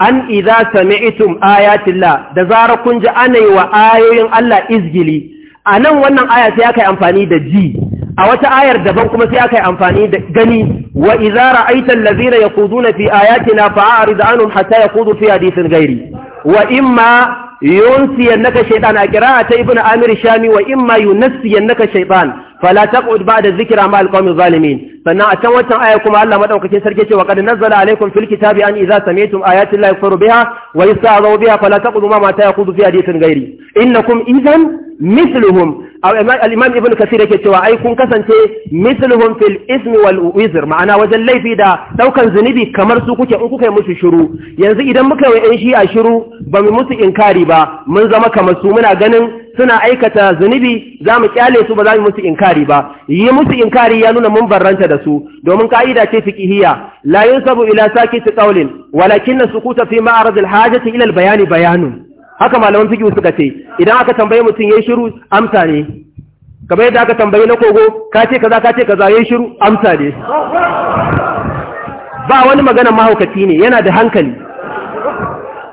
an idza itum ayatillah da zarar kun ji anai wa ayoyin Allah izgili a nan wannan aya sai aka yi amfani da ji a wata ayar daban kuma sai aka yi amfani da gani wa idza ra'aita allazina yaquduna fi ayatina fa'arid anhum hatta yaqudu fi hadithin ghairi wa imma yunsiyannaka shaytan a qira'ata ibn amir shami wa imma yunsiyannaka shaytan fala taq'ud ba'da dhikra ma'al qawmi zalimin sannan a can wancan aya kuma Allah madaukakin sarki ce wa qad nazzala alaikum fil kitabi an idza sami'tum ayati llahi yakfuru biha wa yasta'dhu biha fala taqulu ma ma ta'khudhu fi hadithin ghairi innakum idhan mithluhum aw al-imam ibn kathir yake cewa ai kun kasance mithluhum fil ismi wal wizr ma'ana wajen laifi da daukan zunubi kamar su kuke in kuka yi musu shiru yanzu idan muka yi yan shi'a shiru ba mu musu inkari ba mun zama kamar su muna ganin suna aikata zunubi za mu kyale su ba za mu musu inkari ba yi musu inkari ya nuna mun barranta da su domin ka'ida ce fiqhiyya la yunsabu ila sakit qawlin walakin sukuta fi ma'rad al-hajati ila al-bayan bayanun haka malaman fiqh suka ce idan aka tambaye mutum yayin shiru amsa ne kamar yadda aka tambaye na kogo ka ce kaza ka ce kaza yayin shiru amsa ne ba wani magana mahaukaci ne yana da hankali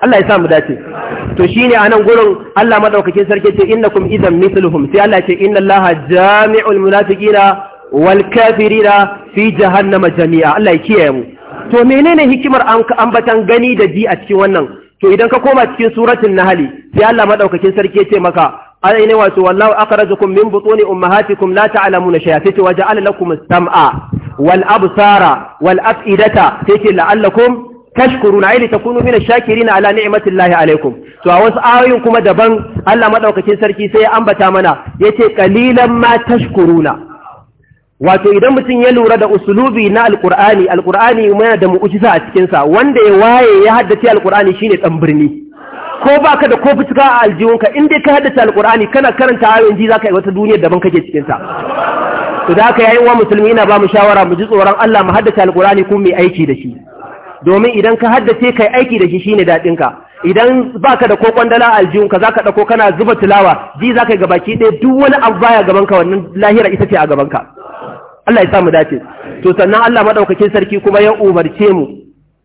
Allah ya sa mu dace to shine a nan gurin Allah madaukakin sarki ce innakum idan mithluhum sai Allah ce inna Allaha jami'ul munafiqina walkafirina kafirina fi jahannama jami'a Allah ya kiyaye mu to menene hikimar ambatan gani da ji a cikin wannan to idan ka koma cikin suratul nahl sai Allah madaukakin sarki ya ce maka ainihin wato wallahu akhrajakum min butuni ummahatikum la ta'lamuna shay'a sai wa ja'ala lakum as-sam'a wal absara wal af'idata sai la'allakum tashkuruna ai takunu min ash Shakirina ala ni'matillahi alaikum to a wasu ayoyin kuma daban Allah madaukakin sarki sai ya ambata mana yace qalilan ma tashkuruna wato idan mutum ya lura da usulubi na alkur'ani alkur'ani yana da mu'ujiza a cikinsa wanda ya waye ya haddace alkur'ani shine dan birni ko baka da ko fituka a aljihunka in dai ka haddace alkur'ani kana karanta ayoyin ji zaka yi wata duniya daban kake cikin sa to da haka yayin wa musulmi ina ba mu shawara mu ji tsoron Allah mu haddace alkur'ani kuma mu aiki da shi domin idan ka haddace kai aiki da shi shine dadin ka idan baka da ko kwandala aljihunka zaka dauko kana zuba tilawa ji zaka yi baki ɗaya duk wani abu baya gaban ka wannan lahira ita ce a gaban ka Allah ya sa mu dace to sannan Allah madaukakin sarki kuma ya umarce mu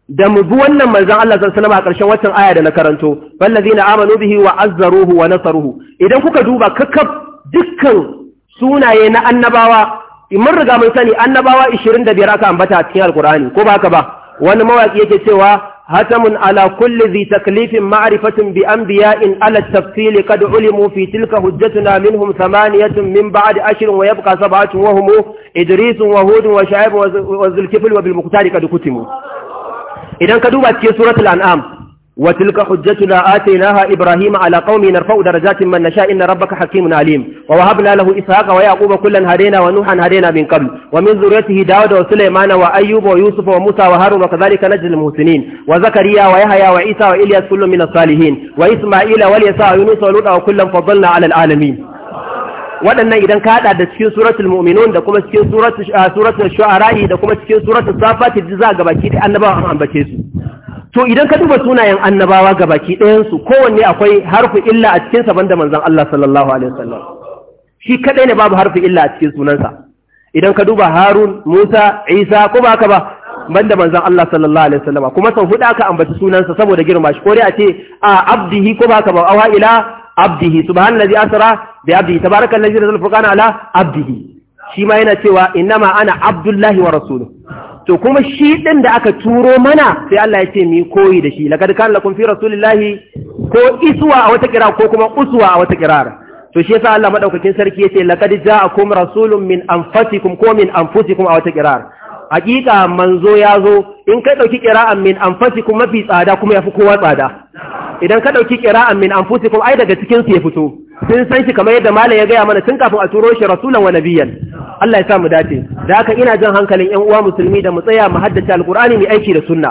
da mu bi wannan manzon Allah sallallahu alaihi wasallam a ƙarshen watan aya da na karanto na amanu bihi wa azzaruhu wa nasaruhu idan kuka duba kakkab dukkan sunaye na annabawa mun riga mun sani annabawa 25 aka ambata a cikin alkur'ani ko ba haka ba wani mawaki yake cewa hatamun ala kulli zi taklifin ma'arifatun bi an biya in ala tafsili kad ulimu fi tilka hujjatuna minhum samaniyatun min ba'd ashrin wa yabqa sab'atun wa hum idris wa hud wa shaib wa zulkifl wa bil muqtari kad kutimu idan ka duba cikin suratul an'am وتلك حجتنا آتيناها إبراهيم على قوم نرفع درجات من نشاء إن ربك حكيم عليم ووهبنا له إسحاق ويعقوب كلا هدينا ونوحا هدينا من قبل ومن ذريته داود وسليمان وأيوب ويوسف وموسى وهارون وكذلك نجزي المحسنين وزكريا ويحيى وعيسى وإلياس كل من الصالحين وإسماعيل واليساء ويونس ولوطا وكلا فضلنا على العالمين waɗannan idan ka haɗa da cikin suratul mu'minun da kuma cikin suratul shu'ara da kuma cikin suratul safat za ga baki da annabawa an ambace su to idan ka duba sunayen annabawa ga baki ɗayansu kowanne akwai harfi illa a cikinsa banda manzan Allah sallallahu alaihi wasallam shi kadai ne babu harfi illa a cikin sunansa idan ka duba harun musa isa ko ba haka ba banda manzan Allah sallallahu alaihi wasallam kuma sau huɗu aka ambaci sunansa saboda girma shi ko dai a ce a abdihi ko ba haka ba awa ila abdihi subhanallazi asra bi abdihi tabarakallazi nazzala furqana ala abdihi shi ma yana cewa innama ana abdullahi wa rasuluhu to kuma shi ɗin da aka turo mana sai Allah ya ce mu koyi da shi laqad kan lakum fi rasulillahi ko iswa a wata kirar ko kuma uswa a wata kirar. to shi yasa Allah madaukakin sarki ya yace laqad ja'akum rasulun min anfusikum ko min anfusikum a wata kirar. hakika manzo yazo in kai dauki kira'an min anfusikum mafi tsada kuma yafi kowa tsada idan ka ɗauki ƙira'an min kuma ai daga cikin su ya fito sun san shi kamar yadda malam ya gaya mana tun kafin a turo shi rasulan wa nabiyan Allah ya sa mu dace da haka ina jan hankalin ƴan uwa musulmi da mu tsaya mu haddace alqur'ani mu aiki da sunna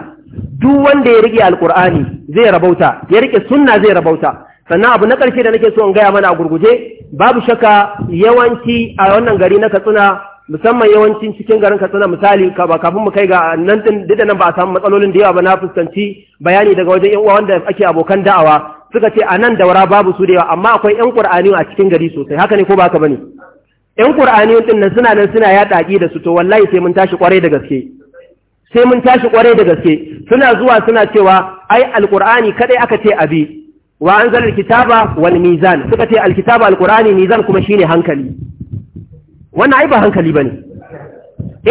duk wanda ya rike alqur'ani zai rabauta ya rike sunna zai rabauta sannan abu na ƙarshe da nake so in gaya mana a gurguje babu shakka yawanci a wannan gari na Katsina musamman yawancin cikin garin katsina misali ba kafin mu kai ga nan din duk da nan ba a samu matsalolin da yawa ba na fuskanci bayani daga wajen yan uwa wanda ake abokan da'awa suka ce a nan daura babu su da yawa amma akwai yan qur'ani a cikin gari sosai haka ne ko ba ka bane yan qur'ani din nan suna nan suna yaɗaki daki da su to wallahi sai mun tashi kwarai da gaske sai mun tashi kwarai da gaske suna zuwa suna cewa ai alqur'ani kadai aka ce abi wa anzalal kitaba wal mizan suka ce alkitaba alqur'ani mizan kuma shine hankali wannan ai ba hankali bane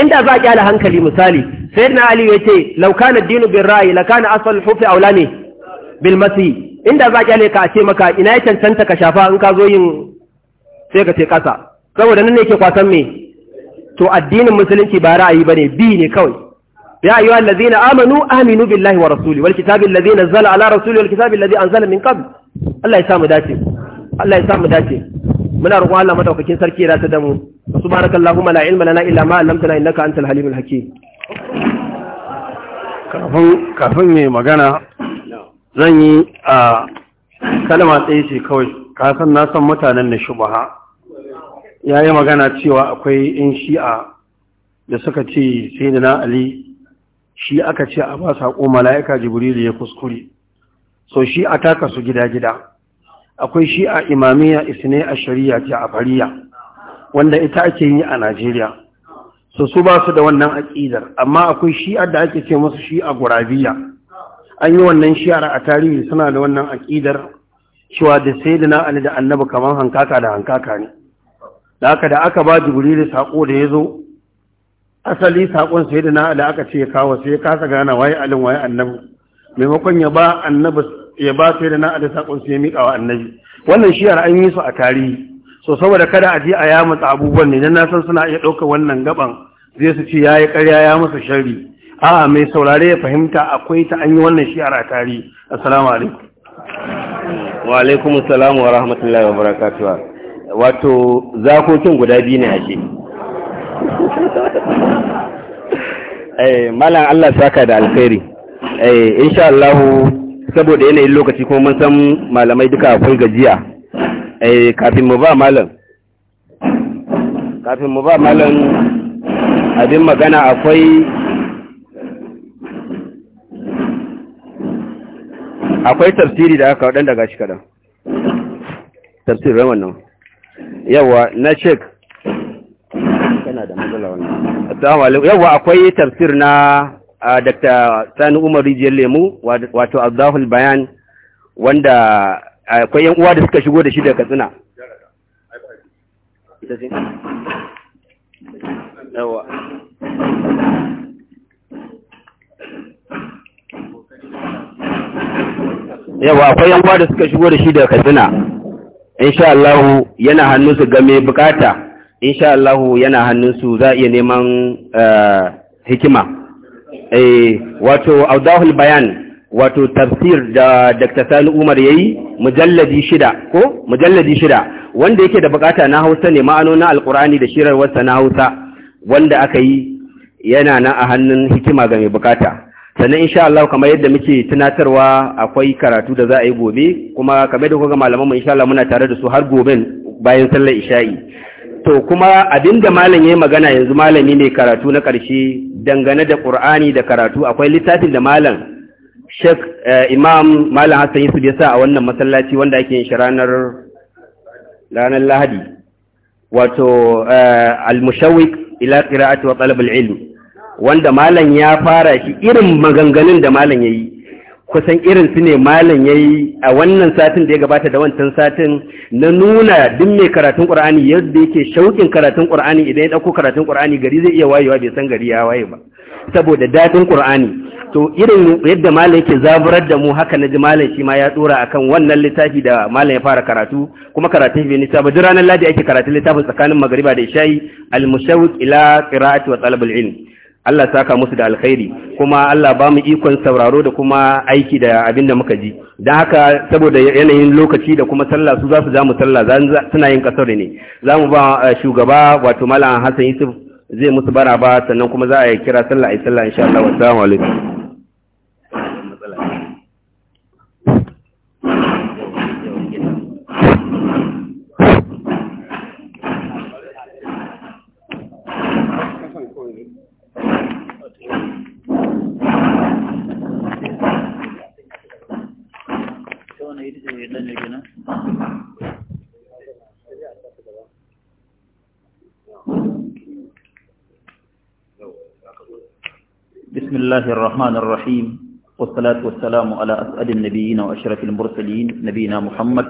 inda za a kyale hankali misali sayyidina ali yace law kana ad-dinu bir rai, la kana asal hufi aula ne bil masi inda za a kyale ka a ce maka ina ya cancanta ka shafa in ka zo yin sai ka ce kasa saboda nan ne yake kwasan me to addinin musulunci ba ra'ayi bane bi ne kawai يا أيها الذين آمنوا آمنوا بالله ورسوله والكتاب الذي نزل على رسوله والكتاب الذي أنزل من قبل الله يسامو داتي الله يسامو داتي من أرغو الله مدعوك كين سركي لا تدمو سبحانك اللهم لا علم لنا إلا ما علمتنا إنك أنت الحليم الحكيم kafin mai magana zan yi a kalma ɗaya ce kawai kasan na san mutanen da shubaha ya yi magana cewa akwai in shi'a da suka ce sai da na ali shi aka ce a ba saƙo mala'ika jibrilu ya kuskure so shi a taka su gida-gida akwai shi'a imamiya isne a shari'a ce a fariya wanda ita ake yi a Najeriya so su ba su da wannan aƙidar amma akwai shi'ar da ake ce shi shi'a gurabiya an yi wannan shi'ar a tarihi suna da wannan aƙidar cewa da sai da na'ali da annabi kamar hankaka da hankaka ne da aka da aka ba jibrilu saƙo da ya zo asali saƙon sai da na'ali aka ce ya kawo sai ya kasa gana waye alin waye annabi maimakon ya ba annabi ya ba sai da na'ali saƙon sai ya miƙa wa annabi wannan shi'ar an yi su a tarihi so saboda kada a ji a ya matsa abubuwan ne dan na san suna iya ɗaukar wannan gaban zai su ce yayi ƙarya ya masa sharri a'a mai saurare ya fahimta akwai ta an yi wannan shi'ar a tari assalamu alaikum wa alaikum assalam wa rahmatullahi wa barakatuh wato zakokin guda biyu ne ake eh malam Allah saka da alkhairi eh insha Allah saboda yanayin lokaci kuma mun san malamai duka akwai gajiya eh kafin mu ba malam kafin mu ba malam abin magana akwai akwai tafsiri da aka wadanda gashi shi kaɗan tafsirin wannan yawa na shek yana da matsala wannan yawa akwai tafsir na dr sani umar rijiyar lemu wato abdahul bayan wanda akwai yan uwa da suka shigo da shi daga katsina yawa akwai yan uwa da suka shigo da shi daga katsina insha Allah yana hannunsu game bukata insha Allah yana hannunsu za iya neman eh, hikima eh wato audahul bayan wato tafsir da Dr. Sani Umar ya yi mujalladi shida ko mujalladi shida wanda yake da bukata na Hausa ne ma'anonin Alkur'ani da shirar wasa na Hausa wanda aka yi yana nan a hannun hikima ga mai bukata sannan insha Allah kamar yadda muke tunatarwa akwai karatu da za a yi gobe kuma kamar da kuka malaman mu insha Allah muna tare da su har goben bayan sallar isha'i to kuma abinda malam yayi magana yanzu malami ne karatu na karshe dangane da Qur'ani da karatu akwai littafin da malam Sheikh eh, Imam Malam Hassan Yusuf ya sa a wannan masallaci wanda ake yin ranar Lahadi wato eh, al-mushawwiq ila qira'ati wa talab al-ilm wanda malam ya fara shi irin maganganun da malam yayi kusan irin su ne malam yayi a wannan satin da ya gabata da wancan satin na nuna duk mai karatun Qur'ani yadda yake shauƙin karatun Qur'ani idan ya dauko karatun Qur'ani gari zai iya wayewa bai san gari ya waye ba saboda dadin Qur'ani to irin yadda malam yake zaburar da mu haka na ji malam shi ma ya dora akan wannan littafi da malam ya fara karatu kuma karatun bai nisa ba duk ranar ladi ake karatun littafin tsakanin magariba da isha'i al-mushawwiq ila qira'ati wa talab al-ilm Allah saka musu da alkhairi kuma Allah ba mu ikon sauraro da kuma aiki da abin da muka ji don haka saboda yanayin lokaci da kuma sallah su za su za mu sallah suna yin kasar ne za mu ba eh, shugaba wato malam Hassan Yusuf zai musu bara ba sannan kuma za a yi kira sallah a yi sallah insha Allah salamu alaikum الله الرحمن الرحيم والصلاة والسلام على أسعد النبيين وأشرف المرسلين نبينا محمد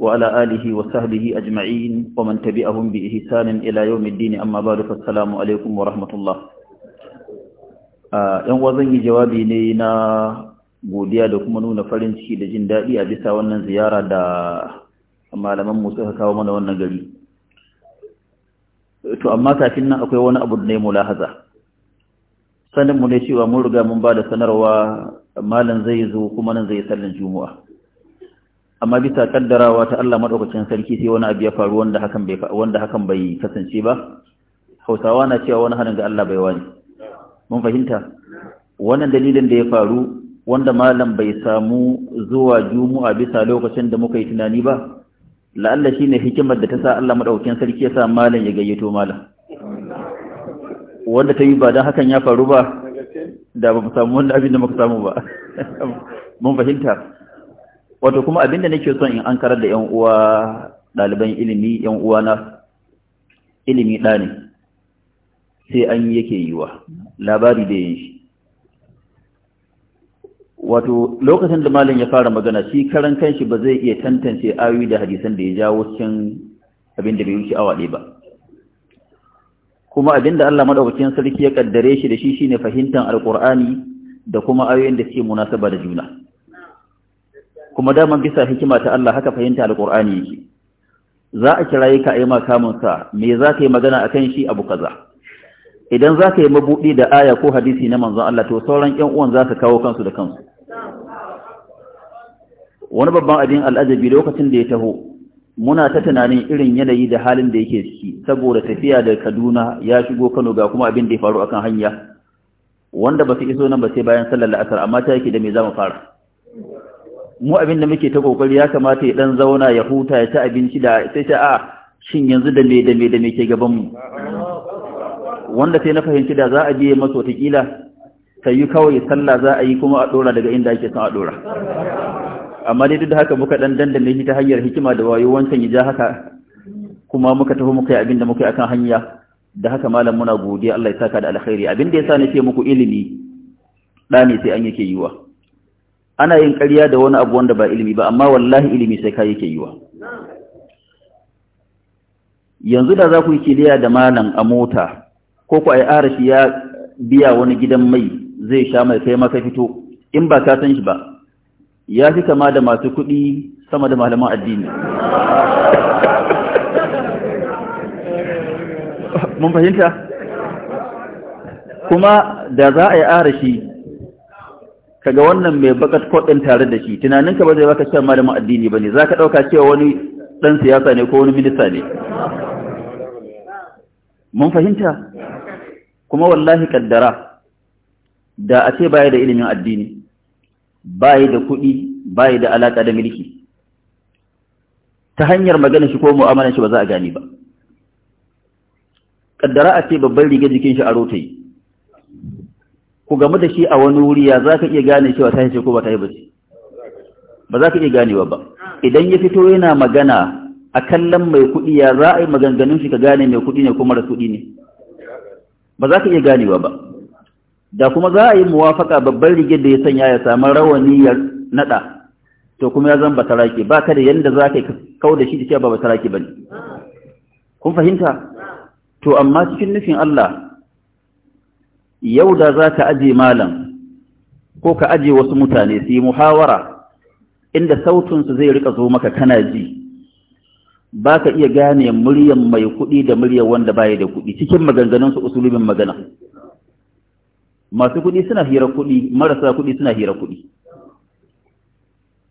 وعلى آله وصحبه أجمعين ومن yau بإحسان إلى يوم الدين أما بعد فالسلام عليكم ورحمة الله ‘yan wazan yi jawabi ne na godiya da kuma nuna farin ciki da jin daɗi a bisa wannan ziyara da malaman musu ka kawo mana wannan gari. To, amma kafin nan akwai wani abu da ya mulahaza. sanin mu ne cewa mun riga mun ba da sanarwa malam zai zo kuma nan zai sallan juma'a amma bisa kaddarawa ta Allah madaukakin sarki sai wani abu ya faru wanda hakan bai wanda hakan bai kasance ba Hausawa na cewa wani hanin ga Allah bai wani mun fahimta wannan dalilin da ya faru wanda malam bai samu zuwa juma'a bisa lokacin da muka yi tunani ba la'alla shine hikimar da ta sa Allah madaukakin sarki ya sa malam ya gayyato malam wanda ta yi ba don hakan ya faru ba da ba mu samu wanda abin da muka samu ba mun fahimta wato kuma abin da nake son in an karar da yan uwa ɗaliban ilimi yan uwa na ilimi ɗa ne sai an yake yiwa labari da yin shi wato lokacin da malam ya fara magana shi karan kanshi ba zai iya tantance ayoyi da hadisan da ya jawo cikin abin da bai wuce awa ɗaya ba kuma abinda Allah madaukakin sarki ya kaddare shi da shi shine fahimtar alqur'ani da kuma ayoyin da suke munasaba da juna kuma daman bisa hikima ta Allah haka fahimta alqur'ani yake za a kiraye ka ayi makamin sa me za ka yi magana akan shi abu kaza idan za ka yi mabudi da aya ko hadisi na manzon Allah to sauran ƴan uwan za ka kawo kansu da kansu wani babban abin al'ajabi lokacin da ya taho muna ta tunanin irin yanayi da halin da yake ciki saboda tafiya da Kaduna ya shigo Kano ga kuma abin da ya faru akan hanya wanda ba su iso nan ba sai bayan sallar la'asar amma ta yake da me mu fara mu abin da muke ta kokari ya kamata ya dan zauna ya huta ya ci abinci da sai ta a shin yanzu da me da me da me ke gaban mu wanda sai na fahimci da za a biye maso ta kila sai yi kawai sallah za a yi kuma a dora daga inda ake son a dora amma dai duk da haka muka dan dandane shi ta hanyar hikima da wayo wancan ya ja haka kuma muka tafi muka yi abin da muka yi akan hanya da haka malam muna godiya Allah ya saka da alkhairi abin da yasa nake muku ilimi ɗa ne sai an yake yiwa ana yin ƙarya da wani abu wanda ba ilimi ba amma wallahi ilimi sai ka yake yiwa yanzu da za ku yi kiliya da malam a mota ko ku ai arashi ya biya wani gidan mai zai sha mai kai maka fito in ba ka san shi ba ya fi kama da masu kuɗi sama da malaman addini mun fahimta kuma da za a yi arashi kaga wannan mai bakat koɗin tare da shi tunaninka ba zai baka cewa malaman addini ba ne, za ka ɗauka cewa wani dan siyasa ne ko wani minista ne mun fahimta kuma wallahi kaddara da a ce baya da ilimin addini bayi da kuɗi bayi da alaƙa da milki. ta hanyar magana shi ko mu'amalan shi ba za a gane ba kaddara a ce babban riga jikin shi a rotayi ku gamu da shi a wani wuri ya za ka iya gane cewa ta ce ko ba ta yi ba ba za ka iya ganewa ba idan ya fito yana magana a kallon mai kuɗi ya za a yi maganganun shi ka gane mai kuɗi ne ko mara kuɗi ne ba za ka iya ganewa ba da kuma za a yi muwafaka babban rigar da ya sanya ya samu rawani ya nada to kuma ya zan bataraki ba ka da yadda za ka yi kawo da shi da ba bataraki ba ne kun fahimta to amma cikin nufin Allah yau da za ka aje malam ko ka aje wasu mutane su yi muhawara inda sautinsu zai rika zo maka kana ji ba ka iya gane muryan mai kuɗi da muryan wanda baya da kuɗi cikin maganganunsu usulubin magana masu kuɗi suna hira kuɗi marasa kuɗi suna hira kuɗi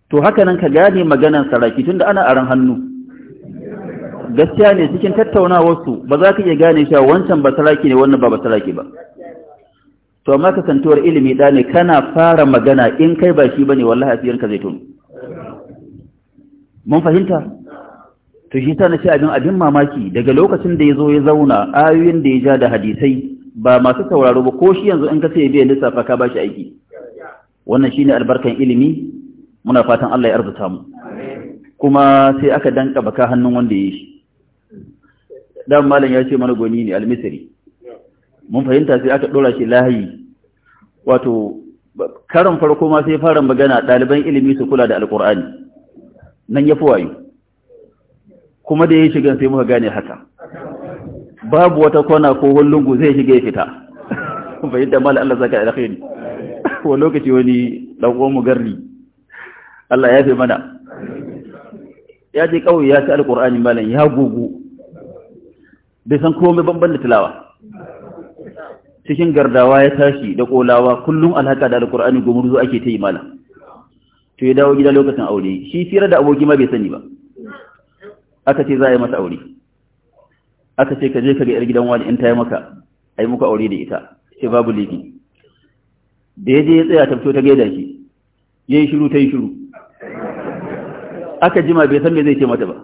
to haka nan ka gane maganan saraki tunda ana aran hannu gaskiya ne cikin tattaunawarsu ba za ka iya gane shi wancan ba saraki ne wannan ba ba saraki ba to amma santuwar ilimi da ne kana fara magana in kai ba shi bane wallahi asirin ka zai tunu mun fahimta to shi ta na ce abin abin mamaki daga lokacin da ya zo ya zauna ayoyin da ya ja da hadisai ba masu sauraro ba ko shi yanzu in ka sai biya lissafa ka bashi aiki wannan shine albarkan ilimi muna fatan Allah ya arzuta mu kuma sai aka danka baka hannun wanda ya shi dan malam ya ce mana goni ne almisri mun fahimta sai aka dora shi lahayi wato karan farko ma sai fara magana ɗaliban ilimi su kula da alkur'ani nan ya fi wayo kuma da ya shiga sai muka gane haka babu wata kwana ko wallungu zai shiga ya fita bai da mala Allah zaka alkhairi wa lokaci wani dan uwan mu garri Allah ya fi mana ya je kauye ya ci alqur'ani malam ya gugu bai san komai banban da tilawa cikin gardawa ya tashi da kolawa kullum alhaka da alqur'ani gumurzu ake ta yi malam to ya dawo gida lokacin aure shi fira da aboki ma bai sani ba aka ce za a yi masa aure aka ce ka je ka ga yar gidan wani in ta yi maka ai muka aure da ita ce babu laifi da ya je ya tsaya ta fito ta gaida shi yi shiru ta yi shiru aka jima bai san me zai ce mata ba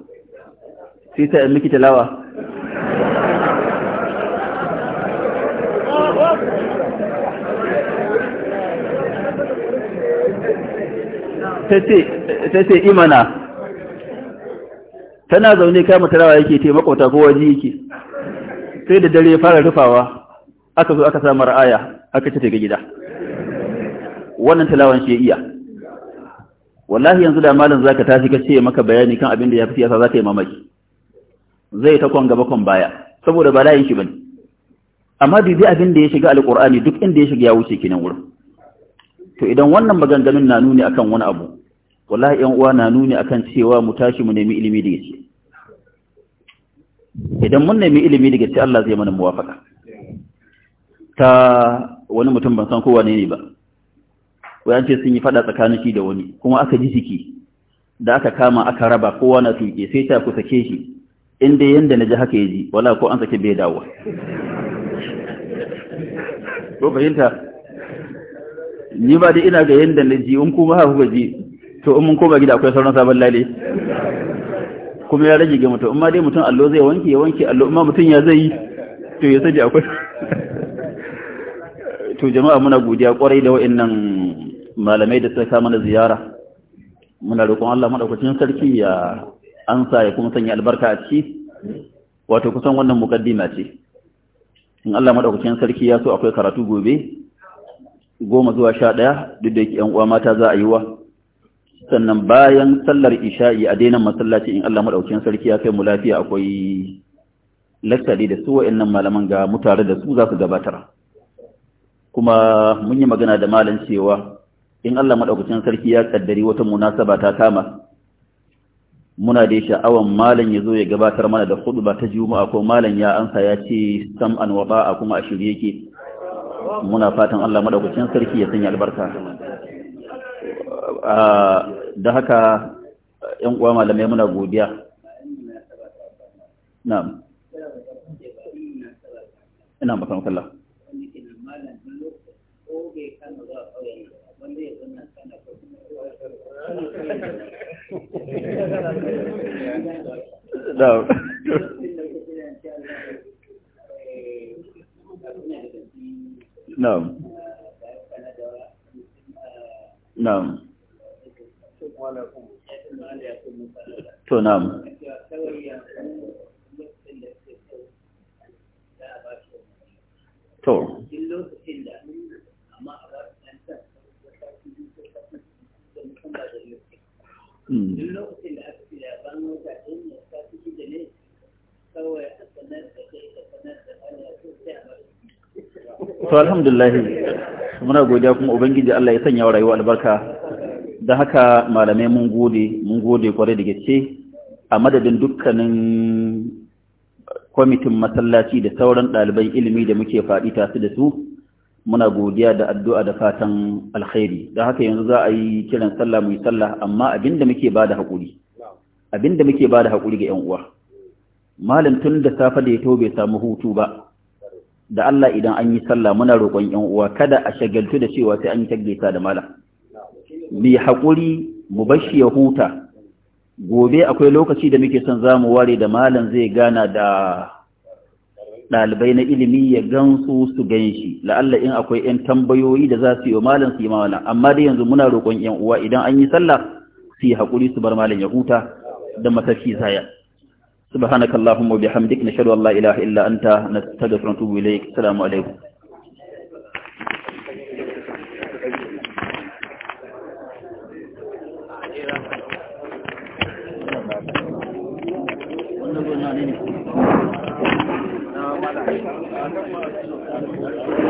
sai ta miki talawa ta ce imana tana zaune kama tarawa yake te makwata ko waje yake sai da dare fara rufawa aka zo aka samu ra'aya aka ce ga gida wannan talawan shi iya wallahi yanzu da malam zaka tashi ka ce maka bayani kan abin da ya fi siyasa zaka yi mamaki zai ta kon gaba kon baya saboda ba layin shi bane amma bibi abin da ya shiga alqur'ani duk inda ya shiga ya wuce kinan wurin to idan wannan maganganun na nuni akan wani abu wallahi yan uwa na nuni akan cewa mu tashi mu nemi ilimi da gaske idan mun nemi ilimi da gaske Allah zai mana muwafaka ta wani mutum ban san kowa ne ne ba wai an ce sun yi fada tsakanin shi da wani kuma aka ji jiki da aka kama aka raba kowa na tuke sai ta ku sake shi inda yanda na ji haka ya ji wala ko an sake bai dawo ko fahimta ni ba da ina ga yanda na ji in kuma haka ji to in mun koma gida akwai sauran sabon lale kuma ya rage ga mutum amma dai mutum allo zai wanke ya wanke allo amma mutum ya zai to ya sadi akwai to jama'a muna godiya kwarai da wa'annan malamai da suka mana ziyara muna roƙon Allah madaukakin sarki ya ansa ya kuma sanya albarka a ciki wato kusan wannan mukaddima ce in Allah madaukakin sarki ya so akwai karatu gobe goma zuwa sha ɗaya duk da yan uwa mata za a yi wa sannan bayan sallar isha'i a dainan masallaci in Allah madaukakin sarki ya kai mu lafiya akwai lakari da su wa'annan malaman ga mutare da su za su gabatar kuma mun yi magana da malam cewa in Allah maɗaukacin sarki ya kaddari wata munasaba ta kama muna da sha'awan malam ya zo ya gabatar mana da ba ta juma'a ko malam ya ansa ya ce sam an wa a kuma a shirye ke. muna fatan Allah maɗaukacin sarki ya sanya albarka da haka ‘yan uwa malamai muna godiya. Na'am. Ina bakan kalla. Na'am. to na'am to to muna godiya kuma ubangiji Allah ya sanya wa rayuwa albarka da haka malamai mun gode mun gode kwarai da gaske a madadin dukkanin kwamitin masallaci da sauran ɗaliban ilimi da muke faɗi tasu da su muna godiya da addu'a da fatan alkhairi da haka yanzu za a yi kiran sallah mu yi sallah amma abinda muke ba da haƙuri abinda muke ba da haƙuri ga 'yan uwa malam tun da safe da ya taho bai samu hutu ba da Allah idan an yi sallah muna roƙon 'yan uwa kada a shagaltu da cewa sai an yi taggeta da malam bi haƙuri mu bashi ya huta gobe akwai lokaci da muke son zamu ware da malam zai gana da ɗalibai na ilimi ya gansu su gan shi la'alla in akwai 'yan tambayoyi da za su yi malam su yi malam amma dai yanzu muna roƙon 'yan uwa idan an yi sallah su yi haƙuri su bar malam ya huta da matafi zaya subhanakallahumma bihamdik nashhadu an la ilaha illa anta nastaghfiruka wa natubu ilaik assalamu alaikum ne